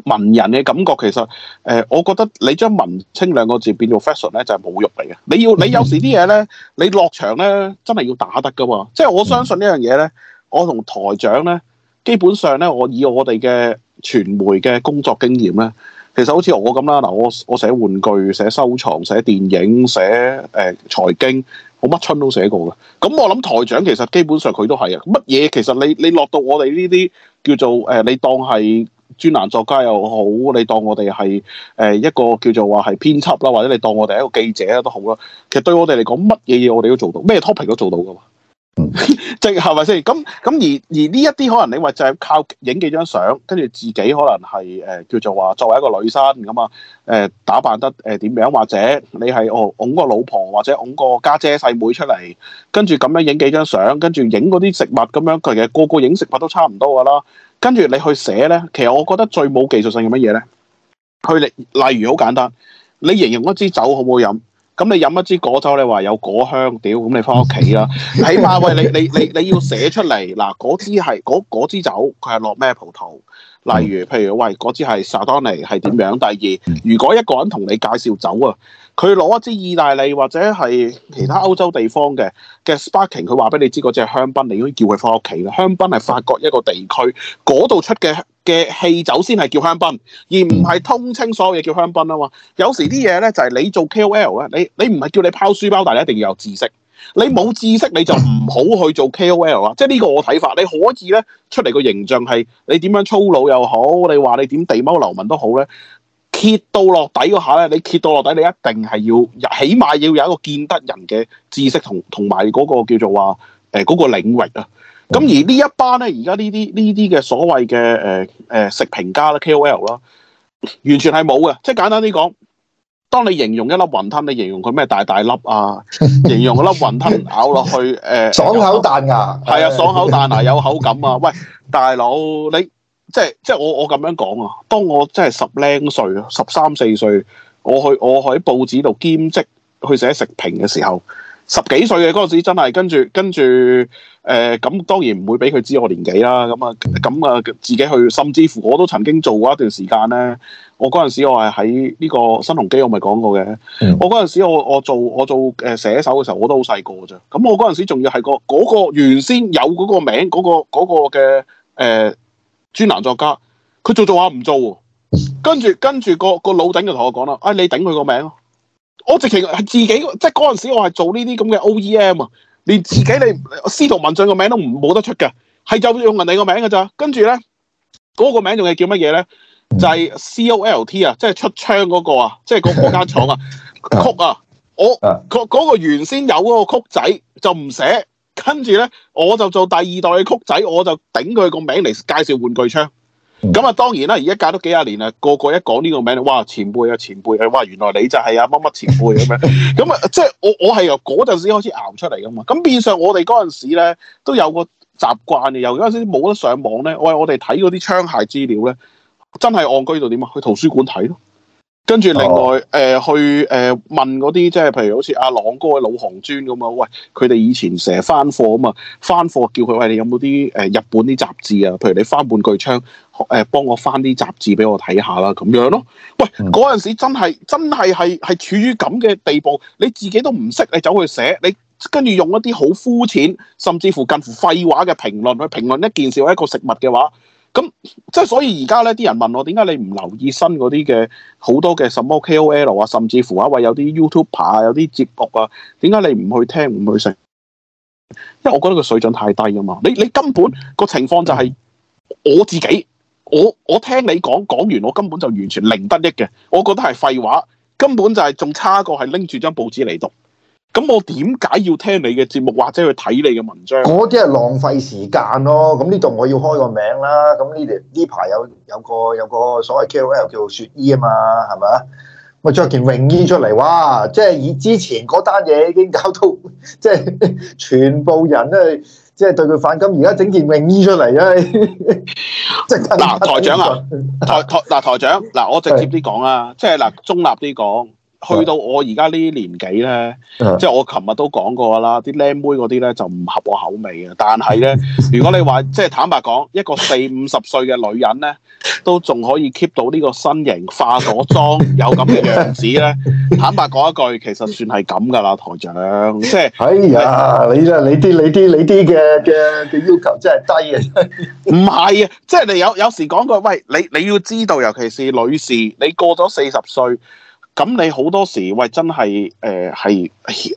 文人嘅感覺其實，誒、呃，我覺得你將文青兩個字變做 fashion 咧，就係侮辱嚟嘅。你要你有時啲嘢咧，你落場咧，真係要打得噶嘛。即係我相信呢樣嘢咧，我同台長咧，基本上咧，我以我哋嘅傳媒嘅工作經驗咧，其實好似我咁啦。嗱，我我寫玩具、寫收藏、寫電影、寫誒財經，我乜春都寫過嘅。咁我諗台長其實基本上佢都係啊乜嘢？其實你你落到我哋呢啲叫做誒、呃，你當係。專欄作家又好，你當我哋係誒一個叫做話係編輯啦，或者你當我哋係一個記者啦都好啦。其實對我哋嚟講，乜嘢嘢我哋都做到，咩 topic 都做到噶嘛。即係咪先？咁咁、 就是、而而呢一啲可能你話就係靠影幾張相，跟住自己可能係誒、呃、叫做話作為一個女生咁啊誒打扮得誒點樣，或者你係哦擁個老婆或者擁個家姐細妹出嚟，跟住咁樣影幾張相，跟住影嗰啲食物咁樣。佢嘅個個影食物都差唔多噶啦。跟住你去寫呢，其實我覺得最冇技術性嘅乜嘢呢？佢例如好簡單，你形容一支酒好唔好飲？咁你飲一支果酒，你話有果香，屌咁你翻屋企啦。起碼 喂，你你你，你要寫出嚟嗱，嗰支係嗰支酒，佢係落咩葡萄？例如譬如喂嗰支係沙當尼係點樣？第二，如果一個人同你介紹酒啊。佢攞一支意大利或者係其他歐洲地方嘅嘅 sparkling 佢話俾你知嗰隻係香檳，你應該叫佢翻屋企啦。香檳係法國一個地區嗰度出嘅嘅氣酒先係叫香檳，而唔係通稱所有嘢叫香檳啊嘛。有時啲嘢咧就係、是、你做 KOL 咧，你你唔係叫你拋書包，但係你一定要有知識。你冇知識你就唔好去做 KOL 啦。即係呢個我睇法，你可以咧出嚟個形象係你點樣粗魯又好，你話你點地踎流民都好咧。揭到落底嗰下咧，你揭到落底，你一定係要，起碼要有一個見得人嘅知識同同埋嗰個叫做話，誒、呃、嗰、嗰個領域啊。咁而呢一班咧，而家呢啲呢啲嘅所謂嘅誒誒食評家啦，K O L 啦，完全係冇嘅。即係簡單啲講，當你形容一粒雲吞，你形容佢咩大大粒啊？ 形容嗰粒雲吞咬落去，誒、呃、爽口彈牙，係、呃、啊，爽口彈牙 有口感啊。喂，大佬你。你你即係即係我我咁樣講啊！當我即係十零歲、十三四歲，我去我喺報紙度兼職去寫食評嘅時候，十幾歲嘅嗰陣時真係跟住跟住誒，咁、呃、當然唔會俾佢知我年紀啦。咁啊咁啊，自己去，甚至乎我都曾經做過一段時間咧。我嗰陣時我係喺呢個新鴻基我、嗯我我，我咪講過嘅。我嗰陣時我我做我做誒寫手嘅時候，我都好細個咋。咁我嗰陣時仲要係個嗰個原先有嗰個名嗰、嗰個嗰、嗰個嘅誒。呃專欄作家，佢做做下唔做，跟住跟住、嗰個、嗰個老頂就同我講啦，哎，你頂佢個名咯，我直情係自己，即係嗰陣時我係做呢啲咁嘅 O E M 啊，連自己你司徒文進個名都冇得出嘅，係就用人哋、個名噶咋，跟住咧嗰個名仲係叫乜嘢咧？就係、是、C O L T 啊、那個，即係出槍嗰個啊，即係嗰間廠啊，曲啊，我嗰嗰、個原先有嗰個曲仔就唔寫。跟住咧，我就做第二代曲仔，我就頂佢個名嚟介紹玩具槍。咁啊，當然啦，而家隔咗幾廿年啦，個個一講呢個名，哇！前輩啊，前輩啊，哇！原來你就係阿乜乜前輩咁樣。咁啊，即係 我我係由嗰陣時開始熬出嚟噶嘛。咁變相我哋嗰陣時咧都有個習慣嘅。由嗰陣時冇得上網咧，我哋睇嗰啲槍械資料咧，真係戇居到點啊？去圖書館睇咯。跟住另外誒、呃、去誒、呃、問嗰啲即係譬如好似阿朗哥老行尊咁啊，喂佢哋以前成日翻貨啊嘛，翻貨叫佢，喂你有冇啲誒日本啲雜誌啊？譬如你翻半句槍誒，幫我翻啲雜誌俾我睇下啦咁樣咯。喂，嗰陣時真係真係係係處於咁嘅地步，你自己都唔識你走去寫，你跟住用一啲好膚淺甚至乎近乎廢話嘅評論去評論一件事或一個食物嘅話。咁即係所以而家呢啲人問我點解你唔留意新嗰啲嘅好多嘅什麼 K O L 啊，甚至乎啊喂有啲 YouTuber、啊、有啲節目啊，點解你唔去聽唔去食？」因為我覺得個水準太低啊嘛！你你根本個情況就係我自己，我我聽你講講完，我根本就完全零得益嘅，我覺得係廢話，根本就係仲差過係拎住張報紙嚟讀。咁我點解要聽你嘅節目或者去睇你嘅文章？嗰啲係浪費時間咯。咁呢度我要開個名啦。咁呢條呢排有有個有個所謂 KOL 叫雪衣啊嘛，係咪啊？我着件泳衣出嚟哇！即係以之前嗰單嘢已經搞到，即係全部人都係即係對佢反感。而家整件泳衣出嚟， 即係更嗱加 台長啊 台台嗱台長嗱我直接啲講啊，的即係嗱中立啲講。去到我而家呢啲年紀呢，即係我琴日都講過啦，啲靚妹嗰啲呢就唔合我口味啊！但係呢，如果你話即係坦白講，一個四五十歲嘅女人呢，都仲可以 keep 到呢個身形、化咗妝、有咁嘅樣子呢，坦白講一句，其實算係咁㗎啦，台長。即係，哎呀，你啦，你啲你啲你啲嘅嘅要求真係低啊！唔係啊，即係你有有時講句，喂，你你要知道，尤其是女士，你過咗四十歲。咁你好多時喂真係誒係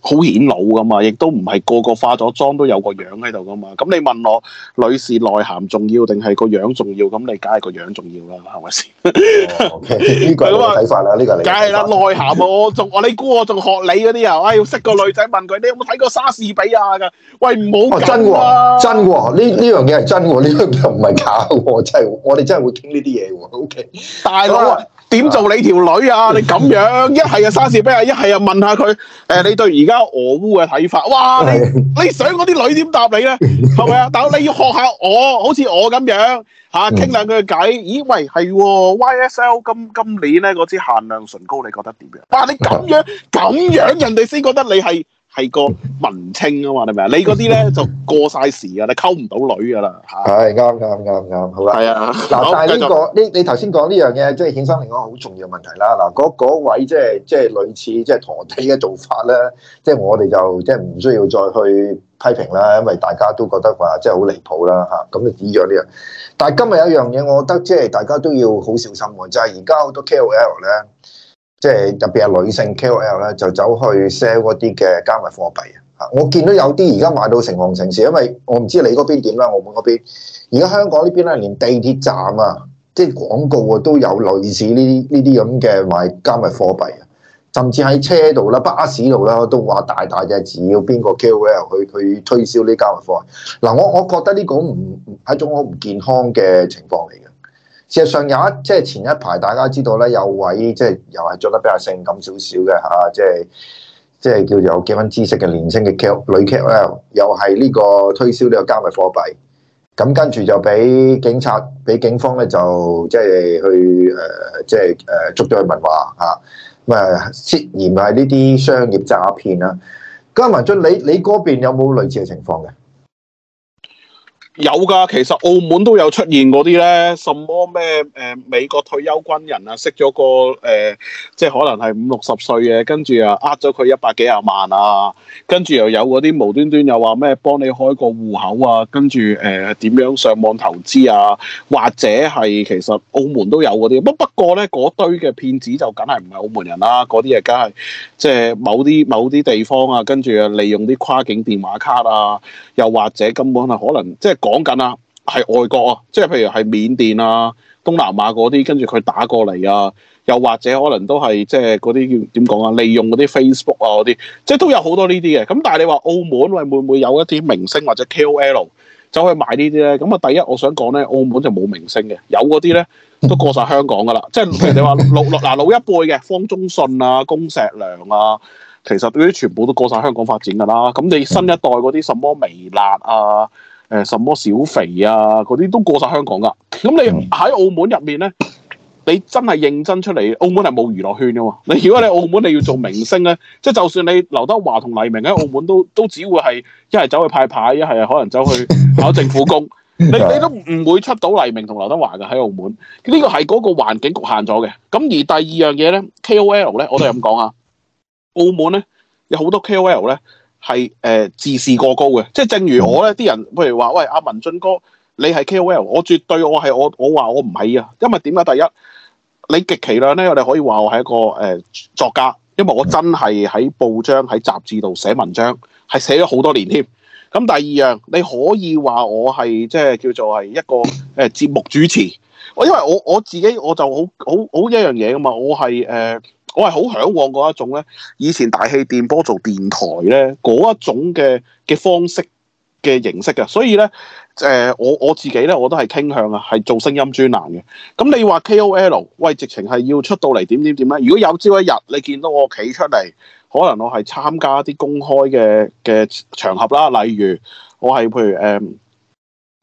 好顯老㗎嘛，亦都唔係個個化咗妝都有個樣喺度㗎嘛。咁你問我，女士內涵重要定係個樣重要？咁你梗係個樣重要啦，係咪先？呢個睇法啦，呢個你梗係啦，內涵啊！我仲我你估我仲學你嗰啲啊？唉，識個女仔問佢，你有冇睇過莎士比亞㗎？喂，唔好假真㗎，真㗎，呢呢樣嘢係真㗎，呢個唔係假㗎，真係我哋真係會傾呢啲嘢喎。OK，大佬啊！點做你條女啊？你咁樣一係啊莎士比亞，一係啊問下佢誒、呃，你對而家俄烏嘅睇法？哇！你你想嗰啲女點答你咧？係咪啊？但係你要學下我，好似我咁樣嚇傾、啊、兩句偈。咦？喂，係 YSL 今今年咧嗰支限量唇膏，你覺得點樣？哇、啊！你咁樣咁樣，人哋先覺得你係。係個文青啊嘛，係咪你嗰啲咧就過晒時啊，你溝唔到女噶啦嚇！係啱啱啱啱，好啊！係啊的，嗱、這個，但係呢個呢，你頭先講呢樣嘢，即係衍生另外一個好重要問題啦。嗱、那個就是，嗰位即係即係類似即係陀地嘅做法咧，即、就、係、是、我哋就即係唔需要再去批評啦，因為大家都覺得話即係好離譜啦嚇。咁、啊、就指著呢人，但係今日有一樣嘢，我覺得即係大家都要好小心嘅，就係而家好多 KOL 咧。即係特別係女性 KOL 咧，就走去 sell 嗰啲嘅加密貨幣啊！嚇，我見到有啲而家賣到成行成市，因為我唔知你嗰邊點啦，澳門嗰邊。而家香港呢邊咧，連地鐵站啊，即係廣告啊，都有類似呢啲呢啲咁嘅賣加密貨幣啊，甚至喺車度啦、巴士度啦，都話大大隻，只要邊個 KOL 去去推銷呢加密貨幣。嗱，我我覺得呢個唔係一種好唔健康嘅情況嚟嘅。事實上有一即係前一排，大家知道咧，有位即係又係著得比較性感少少嘅嚇，即係即係叫做有幾分知識嘅年青嘅女 KOL 啊，又係呢個推銷呢個加密貨幣，咁跟住就俾警察俾警方咧就即係去誒、呃、即係誒捉咗去問話嚇，咁啊涉嫌係呢啲商業詐騙啦。咁文進，你你嗰邊有冇類似嘅情況嘅？有噶，其實澳門都有出現嗰啲咧，什麼咩誒、呃、美國退休軍人啊，識咗個誒、呃，即係可能係五六十歲嘅，跟住啊呃咗佢一百幾廿萬啊，跟住又有嗰啲無端端又話咩幫你開個戶口啊，跟住誒點樣上網投資啊，或者係其實澳門都有嗰啲，不不過咧嗰堆嘅騙子就梗係唔係澳門人啦，嗰啲嘢梗係即係某啲某啲地方啊，跟住啊利用啲跨境電話卡啊，又或者根本係可能即係。講緊啊，係外國啊，即係譬如係緬甸啊、東南亞嗰啲，跟住佢打過嚟啊，又或者可能都係即係嗰啲叫點講啊？利用嗰啲 Facebook 啊嗰啲，即係都有好多呢啲嘅。咁但係你話澳門喂會唔會有一啲明星或者 KOL 走去買呢啲咧？咁啊，第一我想講咧，澳門就冇明星嘅，有嗰啲咧都過晒香港噶啦。即係譬如你話老嗱 老一輩嘅方中信啊、恭碩良啊，其實嗰啲全部都過晒香港發展噶啦。咁你新一代嗰啲什麼微辣啊？誒什麼小肥啊，嗰啲都過晒香港噶。咁你喺澳門入面咧，你真係認真出嚟，澳門係冇娛樂圈噶嘛？你如果你澳門你要做明星咧，即係就算你劉德華同黎明喺澳門都都只會係一係走去派牌，一係可能走去考政府工， 你你都唔會出到黎明同劉德華噶喺澳門。呢個係嗰個環境局限咗嘅。咁而第二樣嘢咧，KOL 咧，我都係咁講啊，澳門咧有好多 KOL 咧。係誒、呃、自視過高嘅，即係正如我咧啲人，譬如話喂阿文進哥，你係 KOL，我絕對我係我我話我唔係啊，因為點解？第一，你極其量咧，我哋可以話我係一個誒、呃、作家，因為我真係喺報章喺雜誌度寫文章，係寫咗好多年添。咁第二樣，你可以話我係即係叫做係一個誒、呃、節目主持，我因為我我自己我就好好好一樣嘢噶嘛，我係誒。呃我係好嚮往嗰一種咧，以前大氣電波做電台咧嗰一種嘅嘅方式嘅形式嘅，所以咧誒、呃，我我自己咧我都係傾向啊，係做聲音專欄嘅。咁你話 KOL，喂，直情係要出到嚟點點點咧？如果有朝一日你見到我企出嚟，可能我係參加一啲公開嘅嘅場合啦，例如我係譬如誒。嗯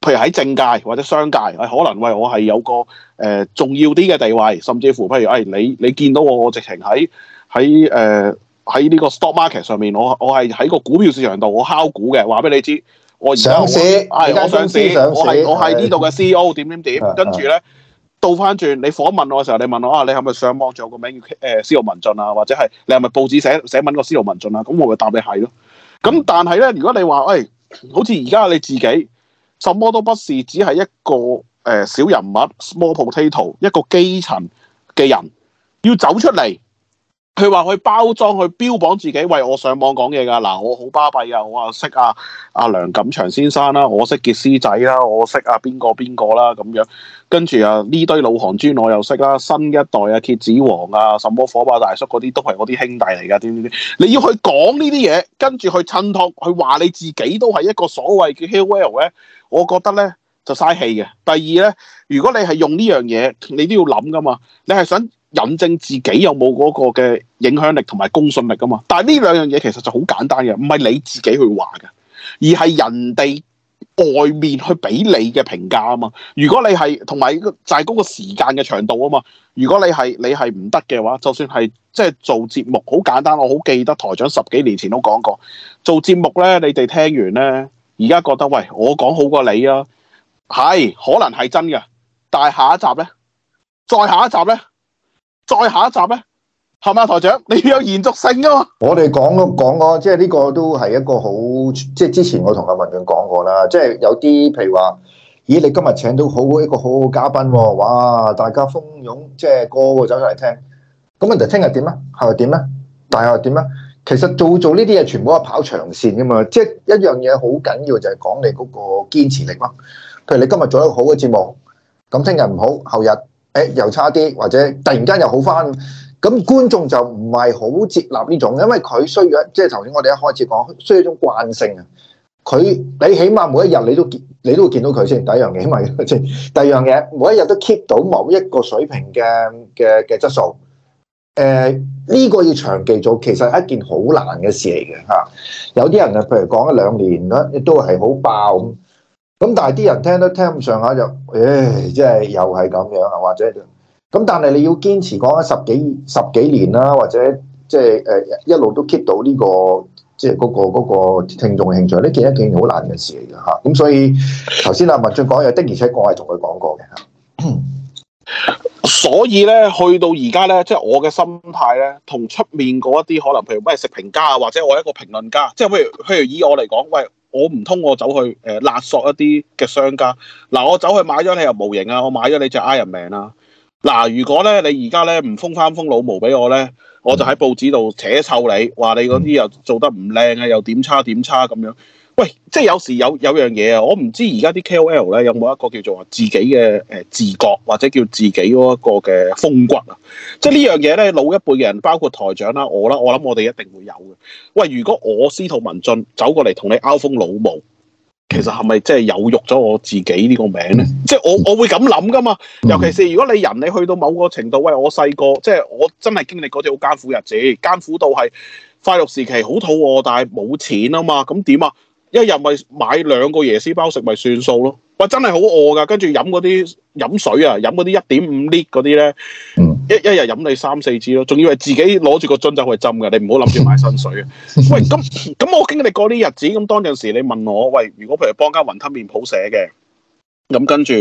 譬如喺政界或者商界，哎、可能喂我係有個誒、呃、重要啲嘅地位，甚至乎譬如誒、哎、你你見到我，我直情喺喺誒喺呢個 stock market 上面，我我係喺個股票市場度我敲鼓嘅，話俾你知，我而家我係我上市，我係我係是呢度嘅 CEO，點點點，跟住咧倒翻轉，你訪問我嘅時候，你問我啊，你係咪上網做個名叫誒《司、呃、徒文進》啊，或者係你係咪報紙寫寫文個《司徒文進》啊？咁我咪答你係咯。咁但係咧，如果你話誒，好似而家 seinem, possibly,、欸嗯哎嗯、你自己，自己。harness 嗯嗯嗯嗯什麼都不是，只係一個誒、呃、小人物，small potato，一個基層嘅人，要走出嚟。佢話去包裝，去標榜自己。喂，我上網講嘢㗎。嗱，我好巴閉啊！我又識阿阿梁錦祥先生啦、啊，我識傑斯仔啦、啊，我識阿邊個邊個啦咁樣。跟住啊，呢堆老行尊我又識啦、啊，新一代啊蠍子王啊，什麼火把大叔嗰啲都係我啲兄弟嚟㗎。點點點，你要去講呢啲嘢，跟住去襯托，去話你自己都係一個所謂嘅 hero 咧。我覺得咧就嘥氣嘅。第二咧，如果你係用呢樣嘢，你都要諗㗎嘛。你係想？引證自己有冇嗰個嘅影響力同埋公信力啊嘛，但係呢兩樣嘢其實就好簡單嘅，唔係你自己去話嘅，而係人哋外面去俾你嘅評價啊嘛。如果你係同埋就係嗰個時間嘅長度啊嘛。如果你係你係唔得嘅話，就算係即係做節目好簡單，我好記得台長十幾年前都講過，做節目咧，你哋聽完咧，而家覺得喂我講好過你啊，係可能係真嘅，但係下一集咧，再下一集咧。再下一集咧，係嘛台長？你要有延續性啊嘛！我哋講過講過，即係呢個都係一個好，即係之前我同阿文進講過啦。即係有啲譬如話，咦？你今日請到好一個好好嘅嘉賓喎，哇！大家蜂擁，即係個個走咗嚟聽。咁問題，聽日點啊？後日點啊？但係又點啊？其實做做呢啲嘢全部係跑長線噶嘛。即係一樣嘢好緊要就係講你嗰個堅持力咯。譬如你今日做一個好嘅節目，咁聽日唔好，後日。誒、哎、又差啲，或者突然間又好翻，咁觀眾就唔係好接納呢種，因為佢需要即係頭先我哋一開始講，需要一種慣性啊。佢你起碼每一日你都見，你都見到佢先第一樣嘢，起碼第二樣嘢，每一日都 keep 到某一個水平嘅嘅嘅質素。誒、呃、呢、這個要長期做，其實係一件好難嘅事嚟嘅吓。有啲人啊，譬如講一兩年嗰都係好爆咁。咁但係啲人聽都聽唔上下就，誒，即係又係咁樣啊，或者咁，但係你要堅持講咗十幾十幾年啦，或者即係誒一路都 keep 到呢、這個即係嗰、那個嗰、那個那個聽眾嘅興趣，呢件一件好難嘅事嚟嘅吓。咁、啊、所以頭先阿文進講嘢的，的而且確我係同佢講過嘅吓。 所以咧，去到而家咧，即、就、係、是、我嘅心態咧，同出面嗰一啲可能，譬如咩食評家啊，或者我一個評論家，即係譬如譬如以我嚟講，喂。我唔通我走去誒、呃、勒索一啲嘅商家，嗱，我走去買咗你又模型啊，我買咗你一隻 Ironman 啦。嗱，如果咧你而家咧唔封翻封老毛俾我咧，我就喺報紙度扯臭你，話你嗰啲又做得唔靚啊，又點差點差咁樣。喂，即係有時有有樣嘢啊，我唔知而家啲 K O L 咧有冇一個叫做自己嘅誒、呃、自覺或者叫自己嗰一個嘅風骨啊，即係呢樣嘢咧，老一輩嘅人包括台長啦、啊、我啦，我諗我哋一定會有嘅。喂，如果我司徒文進走過嚟同你拗風老母，其實係咪即係有辱咗我自己呢個名咧？嗯、即係我我會咁諗噶嘛？尤其是如果你人你去到某個程度，喂，我細個即係我真係經歷過啲好艱苦日子，艱苦到係快樂時期好肚餓，但係冇錢啊嘛，咁點啊？一日咪買兩個椰絲包食咪算數咯，喂，真係好餓噶，跟住飲嗰啲飲水啊，飲嗰啲一點五 L 嗰啲咧，一一日飲你三四支咯，仲要係自己攞住個樽走去斟嘅，你唔好諗住買新水啊！喂，咁咁我經歷過啲日子，咁當陣時你問我，喂，如果譬如幫間雲吞麵鋪寫嘅，咁跟住。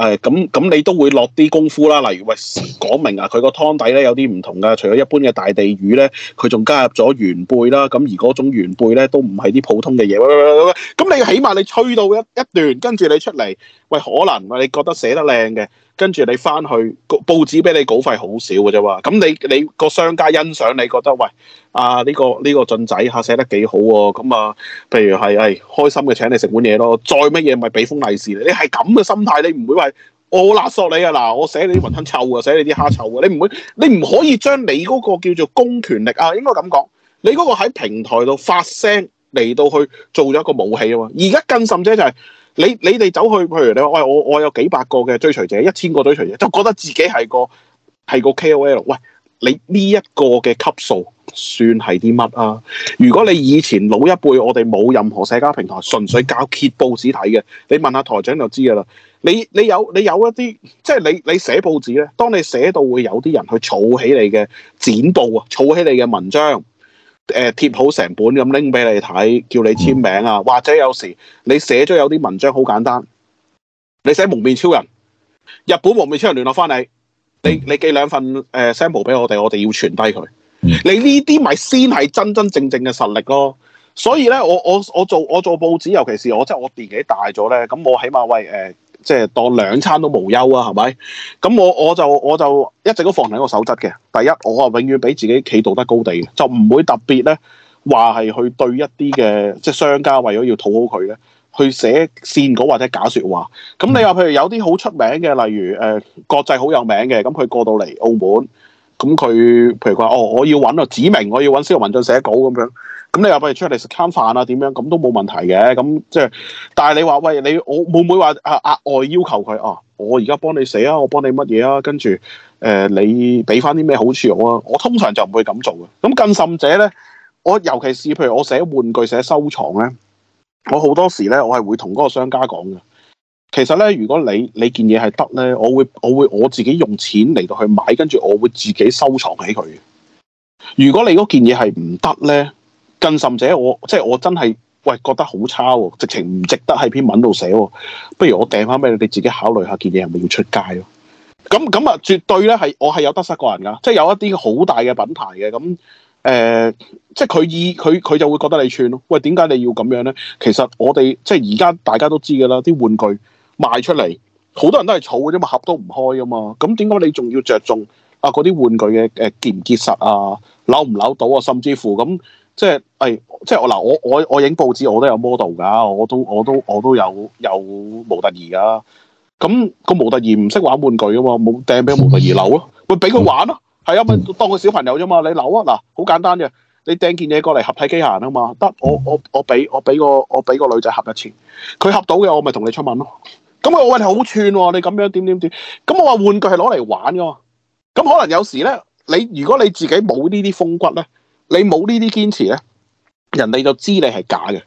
誒咁咁你都會落啲功夫啦，例如，喂講明啊，佢個湯底咧有啲唔同噶，除咗一般嘅大地魚咧，佢仲加入咗元貝啦，咁而嗰種元貝咧都唔係啲普通嘅嘢，喂喂喂，咁你起碼你吹到一一段，跟住你出嚟，喂可能啊，你覺得寫得靚嘅，跟住你翻去報紙俾你稿費好少噶啫喎，咁你你個商家欣賞你覺得喂啊呢個呢個進仔嚇寫得幾好喎，咁啊譬如係係開心嘅請你食碗嘢咯，再乜嘢咪俾封利是你，你係咁嘅心態，你唔會話。我勒索你啊！嗱，我寫你啲雲吞臭啊，寫你啲蝦臭啊！你唔會，你唔可以將你嗰個叫做公權力啊，應該咁講，你嗰個喺平台度發聲嚟到去做咗一個武器啊！而家更甚者就係、是、你，你哋走去，譬如你話，喂，我我，我有幾百個嘅追隨者，一千個追隨者，就覺得自己係個係個 KOL。喂，你呢一個嘅級數算係啲乜啊？如果你以前老一輩，我哋冇任何社交平台，純粹教揭報紙睇嘅，你問下台長就知噶啦。你你有你有一啲，即係你你寫報紙咧，當你寫到會有啲人去儲起你嘅剪報啊，儲起你嘅文章，誒、呃、貼好成本咁拎俾你睇，叫你簽名啊，或者有時你寫咗有啲文章好簡單，你寫蒙面超人，日本蒙面超人聯絡翻你，你你寄兩份誒、呃、sample 俾我哋，我哋要傳低佢，嗯、你呢啲咪先係真真正正嘅實力咯、啊。所以咧，我我我做我做報紙，尤其是我即係我年紀大咗咧，咁我起碼喂。誒、呃。即係當兩餐都無憂啊，係咪？咁我我就我就一直都放喺我守則嘅。第一，我啊永遠俾自己企道德高地，就唔會特別咧話係去對一啲嘅即係商家，為咗要討好佢咧，去寫鱔稿或者假説話。咁你話譬如有啲好出名嘅，例如誒、呃、國際好有名嘅，咁佢過到嚟澳門。咁佢譬如佢話哦，我要揾啊，指明我要揾司徒文進寫稿咁樣，咁你又不如出嚟食餐飯啊，點樣咁都冇問題嘅，咁即係，但係你話喂，你我會唔會話額外要求佢啊？我而家幫你寫啊，我幫你乜嘢啊？跟住誒、呃，你俾翻啲咩好處我啊？我通常就唔會咁做嘅。咁更甚者咧，我尤其是譬如我寫玩具寫收藏咧，我好多時咧，我係會同嗰個商家講嘅。其實咧，如果你你件嘢係得咧，我會我會我自己用錢嚟到去買，跟住我會自己收藏起佢。如果你嗰件嘢係唔得咧，更甚者我即係我真係喂覺得好差喎，哦，直情唔值得喺篇文度寫喎，哦，不如我掟返俾你哋自己考慮下件嘢係咪要出街咯。咁咁啊，絕對咧係我係有得失過人噶即係有一啲好大嘅品牌嘅咁誒，即係佢意佢佢就會覺得你串咯。喂，點解你要咁樣咧？其實我哋即係而家大家都知噶啦，啲玩具。賣出嚟，好多人都係儲嘅啫嘛，合都唔開噶嘛。咁點解你仲要着重啊？嗰啲玩具嘅誒結唔結實啊？扭唔扭到啊？甚至乎咁，即係誒、哎，即係我嗱，我我我影報紙，我都有 model 噶，我都我都我都有有模特兒噶。咁、那個模特兒唔識玩玩具噶嘛，冇掟俾模特兒扭咯，會俾佢玩咯。係啊，咪、啊啊、當個小朋友啫嘛，你扭啊嗱，好簡單嘅，你掟件嘢過嚟合體機械啊嘛，得我我我俾我俾個我俾個個女仔合一次，佢合到嘅我咪同你出問咯。咁我話你好串喎，你咁樣點點點，咁我話玩具係攞嚟玩嘅嘛，咁可能有時咧，你如果你自己冇呢啲風骨咧，你冇呢啲堅持咧，人哋就知你係假嘅，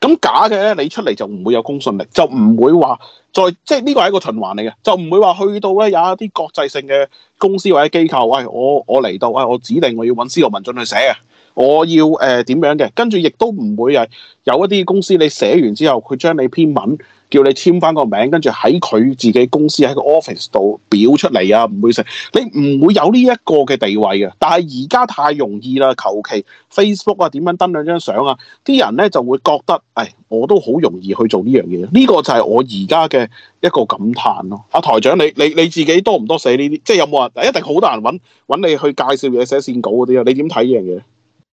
咁假嘅咧，你出嚟就唔會有公信力，就唔會話再即係呢個係一個循環嚟嘅，就唔會話去到咧有一啲國際性嘅公司或者機構，喂、哎，我我嚟到，喂、哎，我指定我要揾司徒文進去寫啊。我要誒點、呃、樣嘅？跟住亦都唔會係有一啲公司，你寫完之後，佢將你篇文叫你簽翻個名，跟住喺佢自己公司喺個 Office 度表出嚟啊！唔會成你唔會有呢一個嘅地位嘅。但係而家太容易啦，求其 Facebook 啊，點樣登兩張相啊？啲人咧就會覺得，誒、哎、我都好容易去做呢樣嘢。呢、這個就係我而家嘅一個感嘆咯、啊。啊，台長，你你你自己多唔多寫呢啲？即係有冇話一定好多人揾你去介紹嘢、寫線稿嗰啲啊？你點睇呢樣嘢？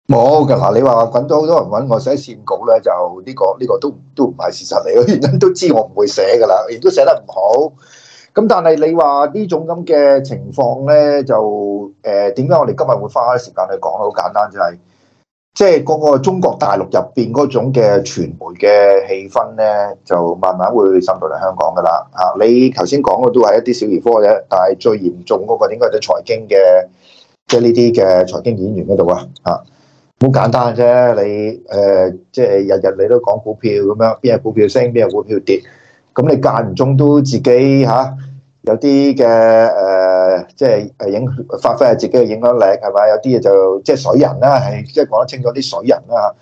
冇噶嗱，你話揾到好多人揾我寫鱔稿咧，就呢、呢個呢、呢個都都唔係事實嚟咯。原 因都知我唔會寫噶啦，亦都寫得唔好。咁但係你話呢種咁嘅情況咧，就誒點解我哋今日會花啲時間去講咧？好簡單就係、係，即係個個中國大陸入邊嗰種嘅傳媒嘅氣氛咧，就慢慢會滲到嚟香港噶啦。啊，你頭先講嘅都係一啲小兒科嘅，但係最嚴重嗰個應該喺財經嘅，即係呢啲嘅財經演員嗰度啊。啊！好簡單啫，你誒即係日日你都講股票咁樣，邊有股票升，邊有股票跌，咁你間唔中都自己嚇有啲嘅誒，即係誒影發揮下自己嘅影響力係嘛？有啲嘢就即係、就是、水人啦，係即係講得清楚啲水人啦。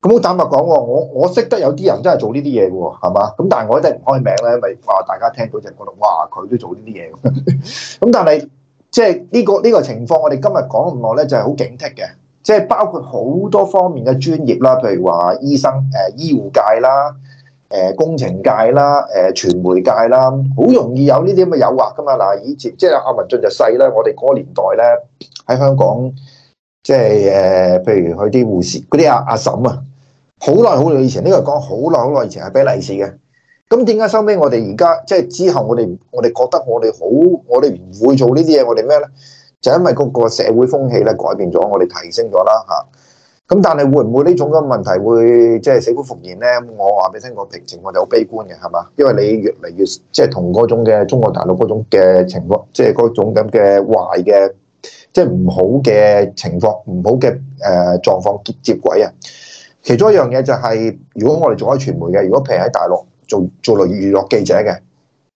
咁好坦白講，我我識得有啲人真係做呢啲嘢嘅喎，係嘛？咁但係我一係唔開名啦，咪為話大家聽到就覺得哇，佢都做呢啲嘢咁。咁但係即係呢個呢、這個情況，我哋今日講咁耐咧，就係好警惕嘅。即係包括好多方面嘅專業啦，譬如話醫生、誒、呃、醫護界啦、誒、呃、工程界啦、誒、呃、傳媒界啦，好容易有呢啲咁嘅誘惑噶嘛。嗱，以前即係阿文進就細啦，我哋嗰個年代咧喺香港，即係誒，譬如佢啲護士、嗰啲阿阿嬸啊，好耐好耐以前，呢、呢個講好耐好耐以前係俾利是嘅。咁點解收尾我哋而家即係之後我哋我哋覺得我哋好我哋唔會做呢啲嘢，我哋咩咧？就因為嗰個社會風氣咧改變咗，我哋提升咗啦嚇。咁但係會唔會呢種嘅問題會即係死灰復燃咧？我話俾你聽個評情況就好悲觀嘅，係嘛？因為你越嚟越即係同嗰種嘅中國大陸嗰種嘅情況，即係嗰種咁嘅壞嘅，即係唔好嘅情況，唔好嘅誒狀況接接軌啊！其中一樣嘢就係、是，如果我哋做開傳媒嘅，如果譬如喺大陸做做嚟娛樂記者嘅，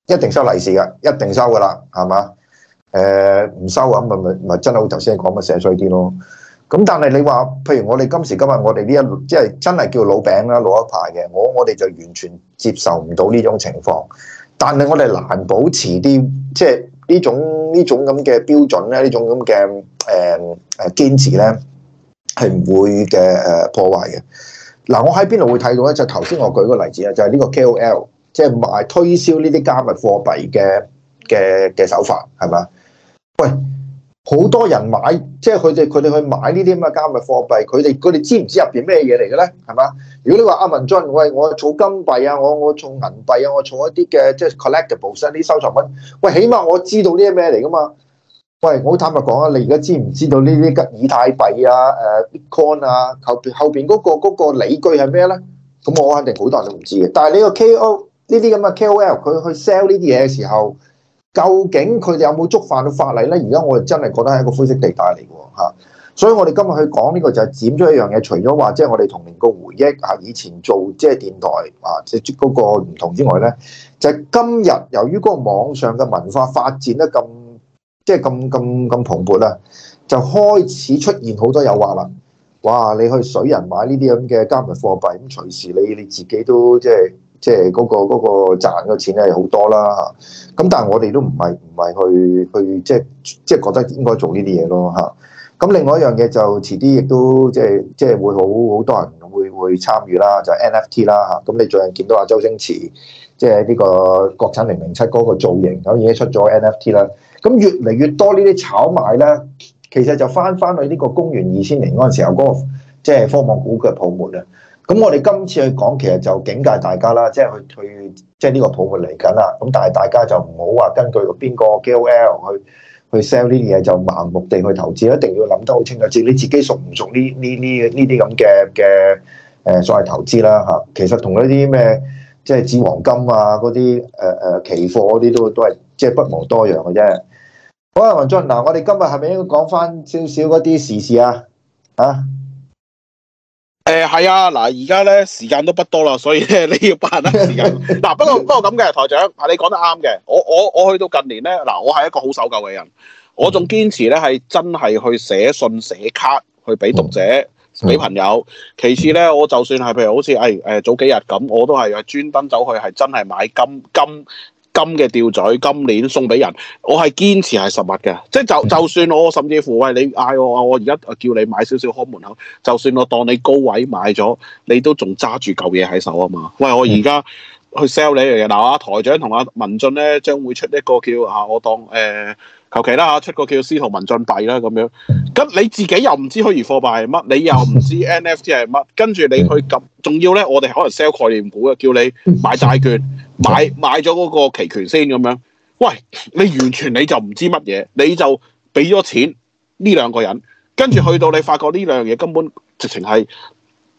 一定收利是㗎，一定收噶啦，係嘛？誒唔、呃、收啊！咁咪咪咪真係好似頭先你講嘅寫衰啲咯。咁但係你話，譬如我哋今時今日，我哋呢一即係真係叫老餅啦，老一派嘅，我我哋就完全接受唔到呢種情況。但係我哋難保持啲即係呢種呢種咁嘅標準咧，呢種咁嘅誒誒堅持咧，係唔會嘅誒、呃、破壞嘅。嗱、呃，我喺邊度會睇到咧？就頭、是、先我舉個例子啊，就係、是、呢個 KOL，即係賣推銷呢啲加密貨幣嘅嘅嘅手法係咪？喂，好多人買，即係佢哋佢哋去買呢啲咁嘅加密貨幣，佢哋佢哋知唔知入邊咩嘢嚟嘅咧？係嘛？如果你話阿文進，喂，我儲金幣啊，我我儲銀幣啊，我儲一啲嘅即係、就是、collectibles 啲、啊、收藏品，喂，起碼我知道呢啲咩嚟噶嘛？喂，我坦白講啊，你而家知唔知道呢啲吉以太幣啊、誒 Bitcoin 啊後面後邊嗰、那個、那個理據係咩咧？咁我肯定好多人都唔知嘅。但係你個 KOL 呢啲咁嘅 KOL，佢去 sell 呢啲嘢嘅時候。究竟佢哋有冇觸犯到法例呢？而家我哋真係覺得係一個灰色地帶嚟嘅吓，所以我哋今日去講呢個就係剪咗一樣嘢，除咗話即係我哋同齡嘅回憶吓，以前做即係電台啊，即係嗰個唔同之外呢，就係今日由於嗰個網上嘅文化發展得咁即係咁咁咁蓬勃啦，就開始出現好多誘惑啦。哇！你去水人買呢啲咁嘅加密貨幣，隨時你你自己都即係。即係嗰個嗰個賺嘅錢係好多啦嚇，咁但係我哋都唔係唔係去去即係即係覺得應該做呢啲嘢咯嚇。咁另外一樣嘢就遲啲亦都即係即係會好好多人會會參與啦，就 NFT 啦嚇。咁你最近見到阿周星馳即係呢個國產零零七嗰個造型，已經出咗 NFT 啦。咁越嚟越多呢啲炒賣咧，其實就翻翻去呢個公元二千年嗰陣時候嗰個即係科網股嘅泡沫啊！咁我哋今次去講，其實就警戒大家啦，即係去去，即係呢個泡沫嚟緊啦。咁但係大家就唔好話根據邊個 KOL 去去 sell 呢啲嘢，就盲目地去投資，一定要諗得好清楚，即係你自己熟唔熟呢呢呢呢啲咁嘅嘅誒所謂投資啦嚇。其實同嗰啲咩即係紙黃金啊嗰啲誒誒期貨嗰啲都都係即係不無多樣嘅啫。好啊，文俊，嗱我哋今日係咪應該講翻少少嗰啲時事啊？啊！係啊，嗱而家咧時間都不多啦，所以咧你要把握時間。嗱、 啊、不過不過咁嘅台長，啊你講得啱嘅，我我我去到近年咧，嗱、啊、我係一個好守舊嘅人，我仲堅持咧係真係去寫信寫卡去俾讀者，俾、嗯、朋友。其次咧，我就算係譬如好似誒誒早幾日咁，我都係專登走去係真係買金金。金嘅吊嘴，今年送俾人，我係堅持係實物嘅，即係就就算我甚至乎，喂你嗌我啊，我而家叫你買少少看門口，就算我當你高位買咗，你都仲揸住舊嘢喺手啊嘛。喂我而家去 sell 你一樣嘢。嗱、呃，阿台長同阿文進咧將會出一個叫啊我當誒。呃求其啦嚇，出個叫司徒文進幣啦咁樣，咁你自己又唔知虛擬貨幣係乜，你又唔知 NFT 係乜，跟住你去撳，仲要咧我哋可能 sell 概念股啊，叫你買債券，買買咗嗰個期權先咁樣，喂，你完全你就唔知乜嘢，你就俾咗錢呢兩個人，跟住去到你發覺呢兩樣嘢根本直情係。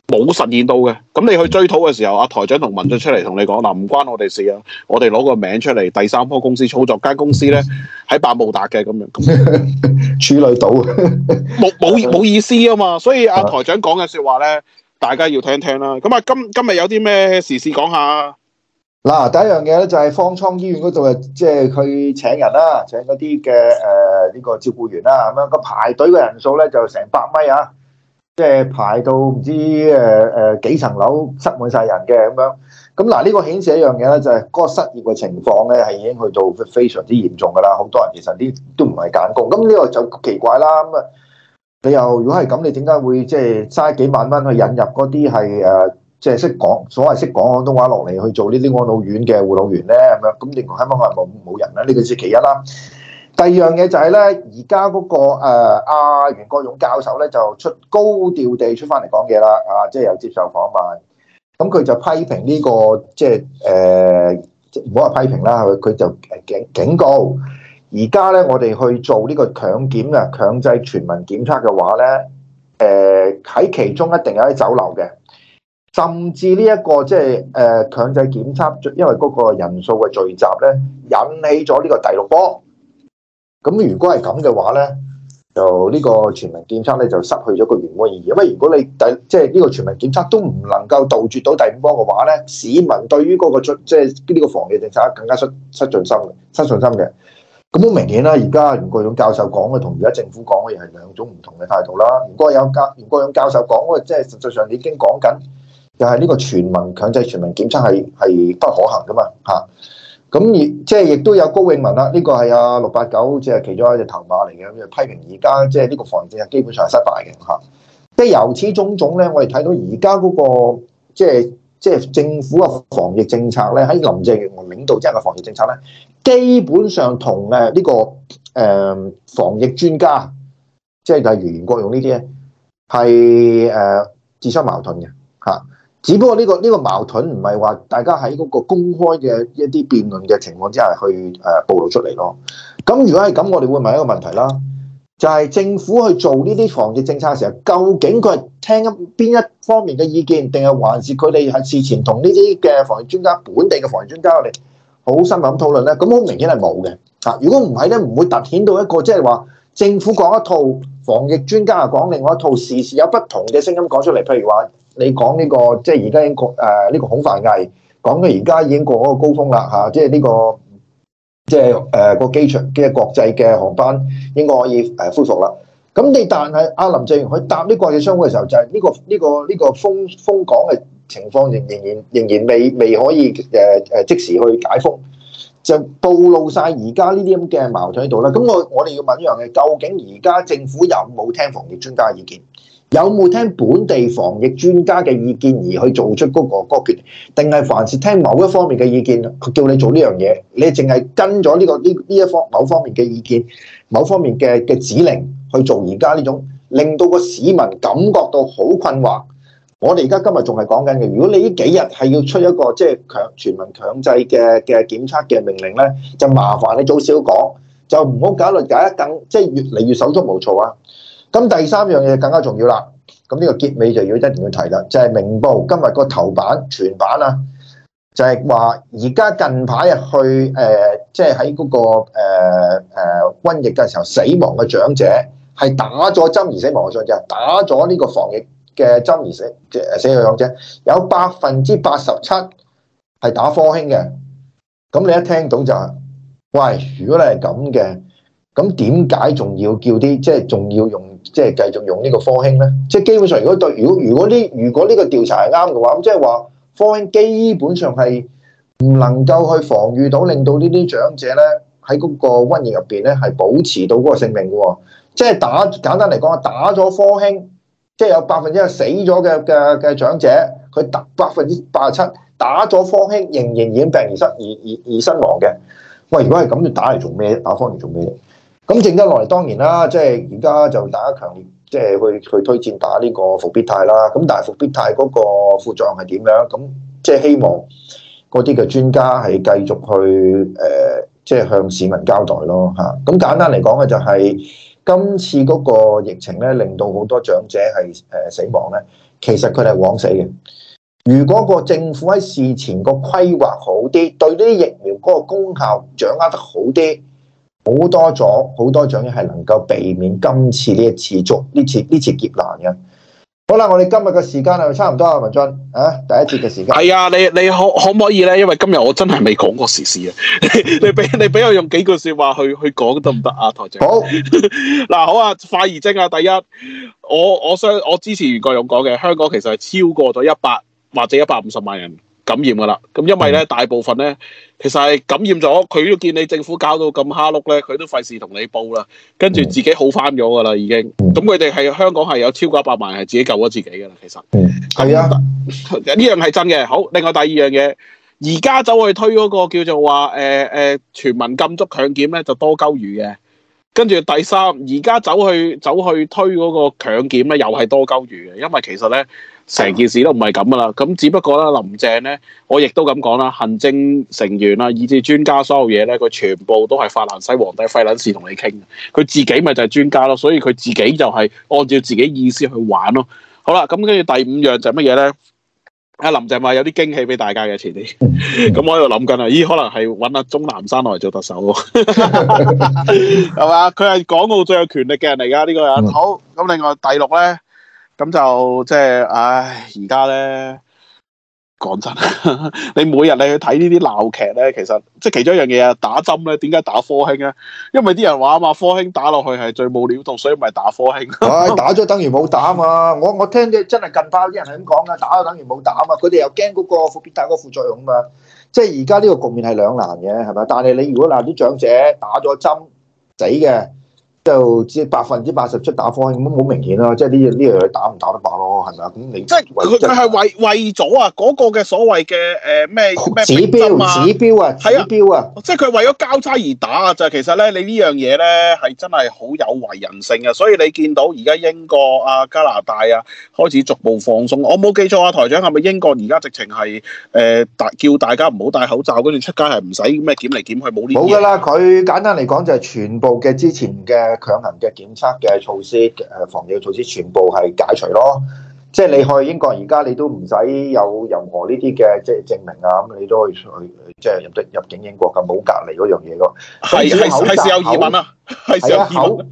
冇實現到嘅，咁你去追討嘅時候，阿台長同文進出嚟同你講嗱，唔關我哋事啊，我哋攞個名出嚟，第三方公司操作間公司咧喺百慕達嘅咁樣，樣 處理到， 冇冇冇意思啊嘛，所以阿台長講嘅說話咧， 大家要聽聽啦。咁啊，今今日有啲咩時事講下嗱，第一樣嘢咧就係方艙醫院嗰度啊，即係佢請人啦，請嗰啲嘅誒呢個照顧員啦，咁樣個排隊嘅人數咧就成百米啊。即係排到唔知誒誒幾層樓塞滿晒人嘅咁樣，咁嗱呢個顯示一樣嘢咧，就係嗰個失業嘅情況咧係已經去到非常之嚴重噶啦，好多人其實啲都唔係揀工，咁呢個就奇怪啦。咁啊，你又如果係咁，你點解會即係嘥幾萬蚊去引入嗰啲係誒即係識講所謂識講廣東話落嚟去做呢啲安老院嘅護老員咧？咁樣咁，另外起碼我係冇冇人啦，呢個是其一啦。第二樣嘢就係咧，而家嗰個阿、呃、袁國勇教授咧就出高調地出翻嚟講嘢啦，啊，即係有接受訪問。咁佢就批評呢個即係誒唔好話批評啦，佢就誒警警告，而家咧我哋去做呢個強檢嘅強制全民檢測嘅話咧，誒喺其中一定有啲酒樓嘅，甚至呢一個即係誒強制檢測，因為嗰個人數嘅聚集咧，引起咗呢個第六波。咁如果係咁嘅話咧，就呢個全民檢測咧就失去咗個原本意義。因為如果你第即係呢個全民檢測都唔能夠杜絕到第五波嘅話咧，市民對於嗰、這個即係呢個防疫政策更加失失信心嘅，失信心嘅。咁好明顯啦、啊，而家袁國勇教授講嘅同而家政府講嘅係兩種唔同嘅態度啦。袁國勇教袁國勇教授講嘅即係實際上你已經講緊，又係呢個全民強制全民檢測係係不可行㗎嘛吓。咁而即係亦都有高永文啦，呢個係啊六八九，即係其中一隻頭馬嚟嘅咁就批評而家即係呢個防疫政策基本上係失敗嘅嚇。即係由此種種咧，我哋睇到而家嗰個即係即係政府嘅防疫政策咧，喺林鄭領導之下嘅防疫政策咧，基本上同誒呢個誒防疫專家，即係就係、是、袁國勇呢啲咧，係誒自相矛盾嘅。只不過呢個呢個矛盾唔係話大家喺嗰個公開嘅一啲辯論嘅情況之下去誒暴露出嚟咯。咁如果係咁，我哋會問一個問題啦，就係政府去做呢啲防疫政策嘅時候，究竟佢係聽一邊一方面嘅意見，定係還是佢哋係事前同呢啲嘅防疫專家、本地嘅防疫專家，我哋好深入咁討論咧？咁好明顯係冇嘅吓。如果唔係咧，唔會凸顯到一個即係話政府講一套，防疫專家又講另外一套，時時有不同嘅聲音講出嚟，譬如話。你講呢、這個即係而家已經過誒呢個恐懼危，講到而家已經過嗰個高峰啦嚇、啊，即係、這、呢個即係誒個機場嘅國際嘅航班應該可以誒恢復啦。咁你但係阿林鄭去搭啲國際商務嘅時候，就係、是、呢、這個呢、這個呢、這個封封港嘅情況仍仍然仍然未未可以誒誒、呃、即時去解封，就暴露晒而家呢啲咁嘅矛盾喺度啦。咁我我哋要問一樣嘢，究竟而家政府有冇聽防疫專家意見？有冇聽本地防疫專家嘅意見而去做出嗰個個決定，定係凡事聽某一方面嘅意見，佢叫你做呢樣嘢，你淨係跟咗呢個呢呢一方某方面嘅意見、某方面嘅嘅指令去做？而家呢種令到個市民感覺到好困惑。我哋而家今日仲係講緊嘅，如果你呢幾日係要出一個即係強全民強制嘅嘅檢測嘅命令呢，就麻煩你早少講，就唔好搞嚟搞一更即係越嚟越手足無措啊！咁第三樣嘢更加重要啦，咁呢個結尾就要一定要提啦，就係明報今日個頭版、全版啊，就係話而家近排啊去誒，即係喺嗰個誒誒瘟疫嘅時候死亡嘅長者係打咗針而死亡嘅，長者，打咗呢個防疫嘅針而死誒、呃、死嘅長者，有百分之八十七係打科興嘅，咁你一聽到就係，喂，如果你係咁嘅。咁點解仲要叫啲即係仲要用即係繼續用呢個科興咧？即係基本上如果對如果如果呢如果呢個調查係啱嘅話，咁即係話科興基本上係唔能夠去防禦到令到呢啲長者咧喺嗰個瘟疫入邊咧係保持到嗰個性命嘅喎，即係打簡單嚟講啊，打咗科興，即係有百分之一死咗嘅嘅嘅長者，佢達百分之八十七打咗科興仍然已染病而失而而而身亡嘅。喂，如果係咁，你打嚟做咩？打科興做咩？咁剩得落嚟，當然啦，即係而家就大家強烈即係、就是、去去推薦打呢個復必泰啦。咁但係復必泰嗰個副作用係點樣？咁即係希望嗰啲嘅專家係繼續去誒，即、呃、係、就是、向市民交代咯嚇。咁簡單嚟講咧，就係今次嗰個疫情咧，令到好多長者係誒死亡咧。其實佢係枉死嘅。如果個政府喺事前個規劃好啲，對呢啲疫苗嗰個功效掌握得好啲。好多咗，好多獎嘅係能夠避免今次呢一次足呢次呢次劫難嘅。好啦，我哋今日嘅時間係差唔多啊，文俊啊，第一節嘅時間係啊、哎，你你可可唔可以咧？因為今日我真係未講過時事啊， 你你俾你俾我用幾句說話去去，去講得唔得啊？台長好嗱， 好啊，快而精啊！第一，我我相我支持袁國勇講嘅，香港其實係超過咗一百或者一百五十萬人。感染噶啦，咁因為咧大部分咧，其實係感染咗，佢都見你政府搞到咁蝦碌咧，佢都費事同你報啦，跟住自己好返咗噶啦，已經。咁佢哋係香港係有超過一百萬係自己救咗自己噶啦，其實。嗯。係、嗯、啊，呢 樣係真嘅。好，另外第二樣嘢，而家走去推嗰個叫做話誒誒全民禁足強檢咧，就多鳩餘嘅。跟住第三，而家走去走去推嗰個強檢咧，又係多鳩魚嘅，因為其實咧成件事都唔係咁噶啦，咁只不過咧林鄭咧，我亦都咁講啦，行政成員啦，以至專家所有嘢咧，佢全部都係法蘭西皇帝費撚事同你傾，佢自己咪就係專家咯，所以佢自己就係按照自己意思去玩咯。好啦，咁跟住第五樣就係乜嘢咧？阿林鄭話有啲驚喜俾大家嘅前啲，咁 我喺度諗緊啊，咦？可能係揾阿鍾南山落嚟做特首喎，係嘛？佢係港澳最有權力嘅人嚟噶呢個人。 好，咁另外第六咧，咁就即係，唉、哎，而家咧。講真，你每日你去睇呢啲鬧劇咧，其實即係其中一樣嘢啊，打針咧，點解打科興咧？因為啲人話啊嘛，科興打落去係最冇料到，所以咪打科興。唉、哎，打咗等於冇打嘛。我我聽啲真係近排啲人係咁講噶，打咗等於冇打嘛。佢哋又驚嗰、那個復必泰個副作用嘛。即係而家呢個局面係兩難嘅，係咪？但係你如果嗱啲長者打咗針，死嘅。就即百分之八十出打方咁，好明顯打打打咯。即係呢樣呢樣打唔打得百咯，係咪啊？咁你即係佢佢係為咗啊嗰個嘅所謂嘅誒咩咩指標啊指標啊指標啊！即係佢為咗交差而打啊！就係、其實咧，你呢樣嘢咧係真係好有違人性啊。所以你見到而家英國啊、加拿大啊開始逐步放鬆。我冇記錯啊，台長係咪英國而家直情係誒大叫大家唔好戴口罩，跟住出街係唔使咩檢嚟檢去冇呢？冇㗎啦！佢簡單嚟講就係全部嘅之前嘅。強行嘅檢測嘅措施，誒防疫嘅措施全部係解除咯。即係你去英國而家，你都唔使有任何呢啲嘅即係證明啊，咁你都可以去，即係入得入境英國嘅，冇隔離嗰樣嘢咯。係係係，係口罩有疑問啊！係啊罩，的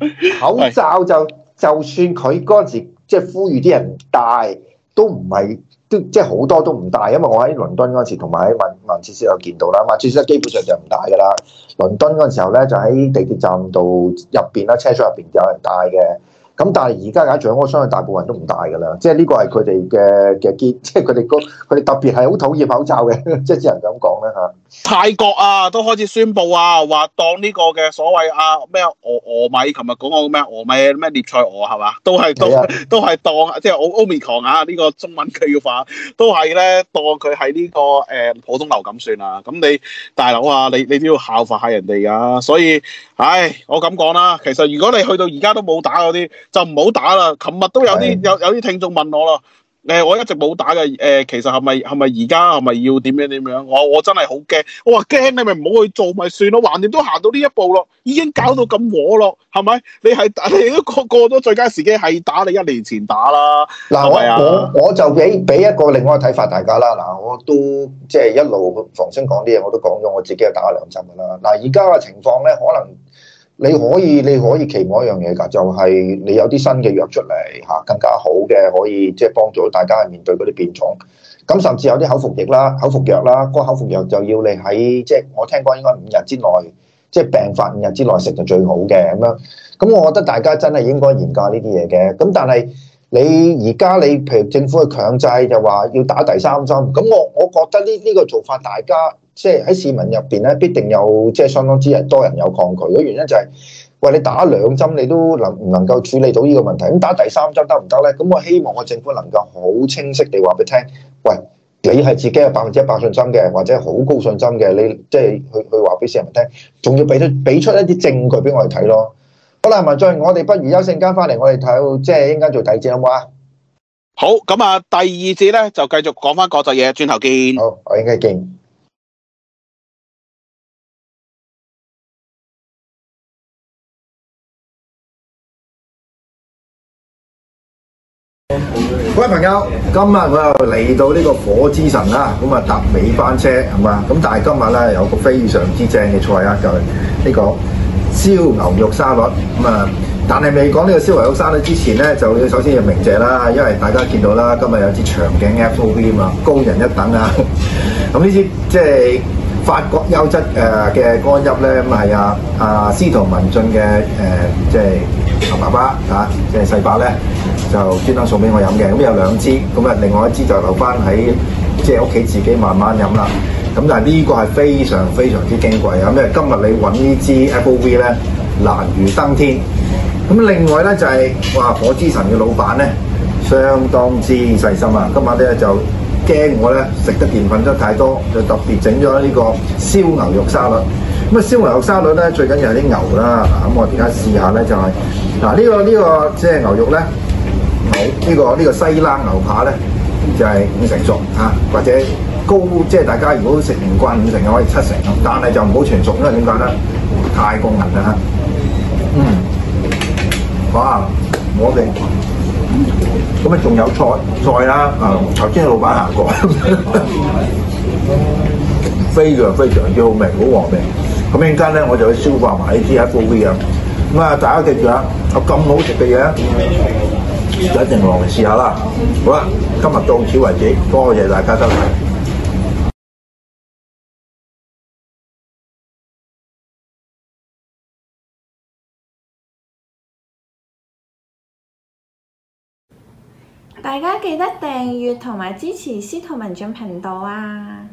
口的口罩就的就算佢嗰陣時即係呼籲啲人戴，都唔係。即係好多都唔戴，因為我喺倫敦嗰陣時，同埋喺曼曼徹斯特有見到啦。曼徹斯特基本上就唔戴噶啦。倫敦嗰陣時候咧，就喺地鐵站度入邊啦，車廂入邊有人戴嘅。咁但係而家解長，我相信大部分都唔戴㗎啦，即係呢個係佢哋嘅嘅結，即係佢哋個佢哋特別係好討厭口罩嘅，即係只能咁講啦。嚇。泰國啊，都開始宣布啊，話當呢個嘅所謂啊咩俄俄米，琴日講我咩俄米咩獵菜俄係嘛，啊，都係都是、啊、都係當即係奧奧密克啊呢、呢個中文句話，都係咧當佢係呢個誒、欸、普通流感算啦，啊。咁你大佬啊，你你都要效法下人哋，啊、㗎，所以唉，我咁講啦，其實如果你去到而家都冇打嗰啲。就唔好打啦！琴日都有啲有有啲聽眾問我咯，誒、欸，我一直冇打嘅，誒、呃，其實係咪係咪而家係咪要點樣點樣？我我真係好驚，我話驚你咪唔好去做咪算咯，橫掂都行到呢一步咯，已經搞到咁和咯，係咪、嗯？你係你都過過咗最佳時機，係打你一年前打啦。嗱、嗯，我我我就俾俾一個另外嘅睇法大家啦。嗱、嗯，我都即係、就是、一路逢星講啲嘢，我都講咗，我自己又打兩針噶啦。嗱、嗯，而家嘅情況咧，可能。你可以你可以期望一樣嘢㗎，就係你有啲新嘅藥出嚟嚇，更加好嘅可以即係幫助大家面對嗰啲變種。咁甚至有啲口服液啦、口服藥啦，嗰個口服藥就要你喺即係我聽講應該五日之內，即係病發五日之內食就最好嘅咁樣。咁我覺得大家真係應該研究呢啲嘢嘅。咁但係你而家你譬如政府嘅強制就話要打第三針，咁我我覺得呢呢個做法大家。即係喺市民入邊咧，必定有即係相當之人多人有抗拒。個原因就係、是、喂，你打兩針你都能唔能夠處理到呢個問題？咁打第三針得唔得咧？咁我希望個政府能夠好清晰地話俾你聽，喂，你係自己係百分之一百信心嘅，或者好高信心嘅，你即係去去話俾市民聽，仲要俾出俾出一啲證據俾我哋睇咯。好啦，文進，我哋不如休息間翻嚟，我哋睇即係應該做第二節，好唔好啊？好咁啊，第二節咧就繼續講翻國際嘢，轉頭見。好，我應該見。各位朋友，今日我又嚟到呢個火之神啦，咁啊搭尾班車係嘛，咁但係今日咧有個非常之正嘅菜啊，就係呢個燒牛肉沙律，咁啊，但係未講呢個燒牛肉沙律之前咧，就首先要鳴謝啦，因為大家見到啦，今日有支長頸 FOV 啊嘛，高人一等啊，咁呢支即係。就是法國優質誒嘅乾邑咧，咁啊係啊啊司徒文進嘅誒，即係同爸爸嚇，即係細伯咧，就專登送俾我飲嘅。咁有兩支，咁、嗯、啊另外一支就留翻喺即係屋企自己慢慢飲啦。咁、嗯、但係呢個係非常非常之矜貴啊！咩、嗯？今日你揾呢支 F.O.V 咧難如登天。咁、嗯、另外咧就係、是、哇，火之神嘅老闆咧相當之細心啊！今晚咧就～驚我咧食得澱粉質太多，就特別整咗呢個燒牛肉沙律。咁啊，燒牛肉沙律咧最緊要有啲牛啦。咁、啊、我而家試下咧就係嗱，呢個呢個即係牛肉咧冇呢個呢個西冷牛扒咧就係、是、五成熟啊，或者高即係、就是、大家如果食唔慣五成，可以七成，但係就唔好全熟，因為點解咧？太過硬啦嚇。嗯，好啊，我哋。咁啊，仲有菜菜啊，啊！頭先老闆行過，非常非常之好味，好和味。咁一陣間咧，我就去消化埋呢啲喺度嘅。咁啊，大家記住啊，有咁好食嘅嘢，一定落嚟試下啦。好啦，今日到此為止，多謝大家收睇。大家記得訂閱同埋支持司徒文進頻道啊！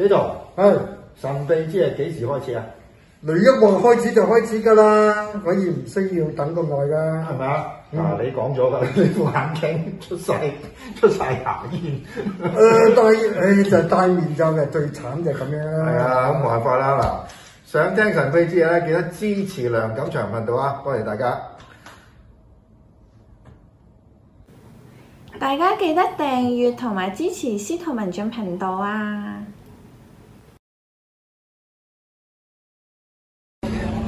呢度，唉，是神秘之夜幾時開始啊？雷一望開始就開始噶啦，可以唔需要等咁耐噶，係咪啊？嗱、嗯，你講咗嘅，你副眼鏡出晒出晒牙煙，誒，戴誒就戴面罩嘅，最慘就係咁樣啦。係啊，咁冇辦法啦嗱。想聽神秘之夜呢，記得支持梁錦祥頻道啊！多謝大家，大家記得訂閱同埋支持司徒文進頻道啊！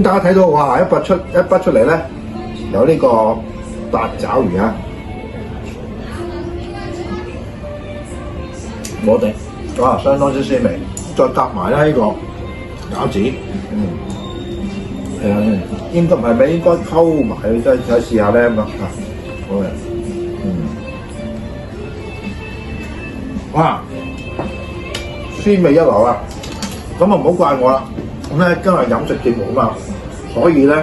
大家睇到哇，一筆出一筆出嚟咧，有呢個八爪魚啊，哇相當之鮮味，再夾埋咧呢個餃子，係、嗯、啊，係啊應該係咪應該溝埋去再試下呢？咁啊，好嘅，哇，鮮味一流啊，咁啊唔好怪我啦。咁咧今日飲食節目啊嘛，所以咧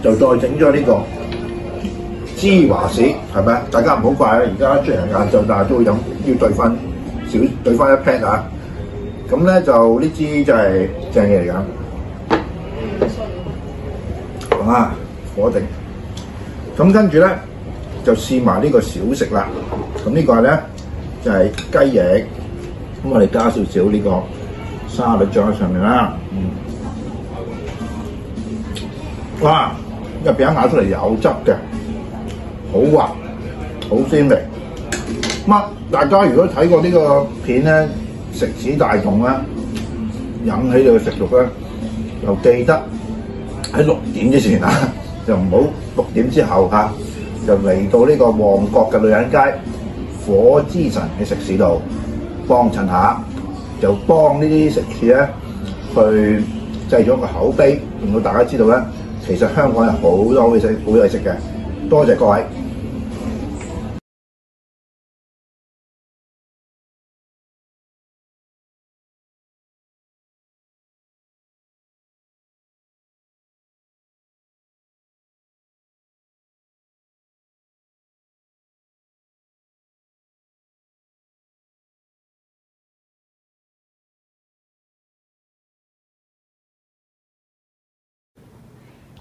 就再整咗呢個芝華士，係咪大家唔好怪啦，而家出嚟晏晝，但係都會飲，要兌翻少，兌翻一 pat 啊！咁咧就呢支就係正嘢嚟㗎。咁啊，火定。咁跟住咧就試埋呢個小食啦。咁呢個咧就係、係、雞翼，咁我哋加少少呢、呢個。啊！你醬喺上面啦，嗯，哇！個餅咬出嚟有汁嘅，好滑，好鮮味，啊。大家如果睇過呢個片咧，食指大動咧，引起你嘅食欲咧，就記得喺六點之前就唔好六點之後啊，就嚟、啊、到呢個旺角嘅女人街火之神嘅食肆度幫襯下。就幫這些呢啲食肆咧，去製咗個口碑，令到大家知道咧，其實香港有好多好食好嘢食嘅，多謝各位。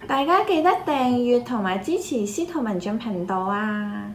大家記得訂閱同埋支持司徒文進頻道啊！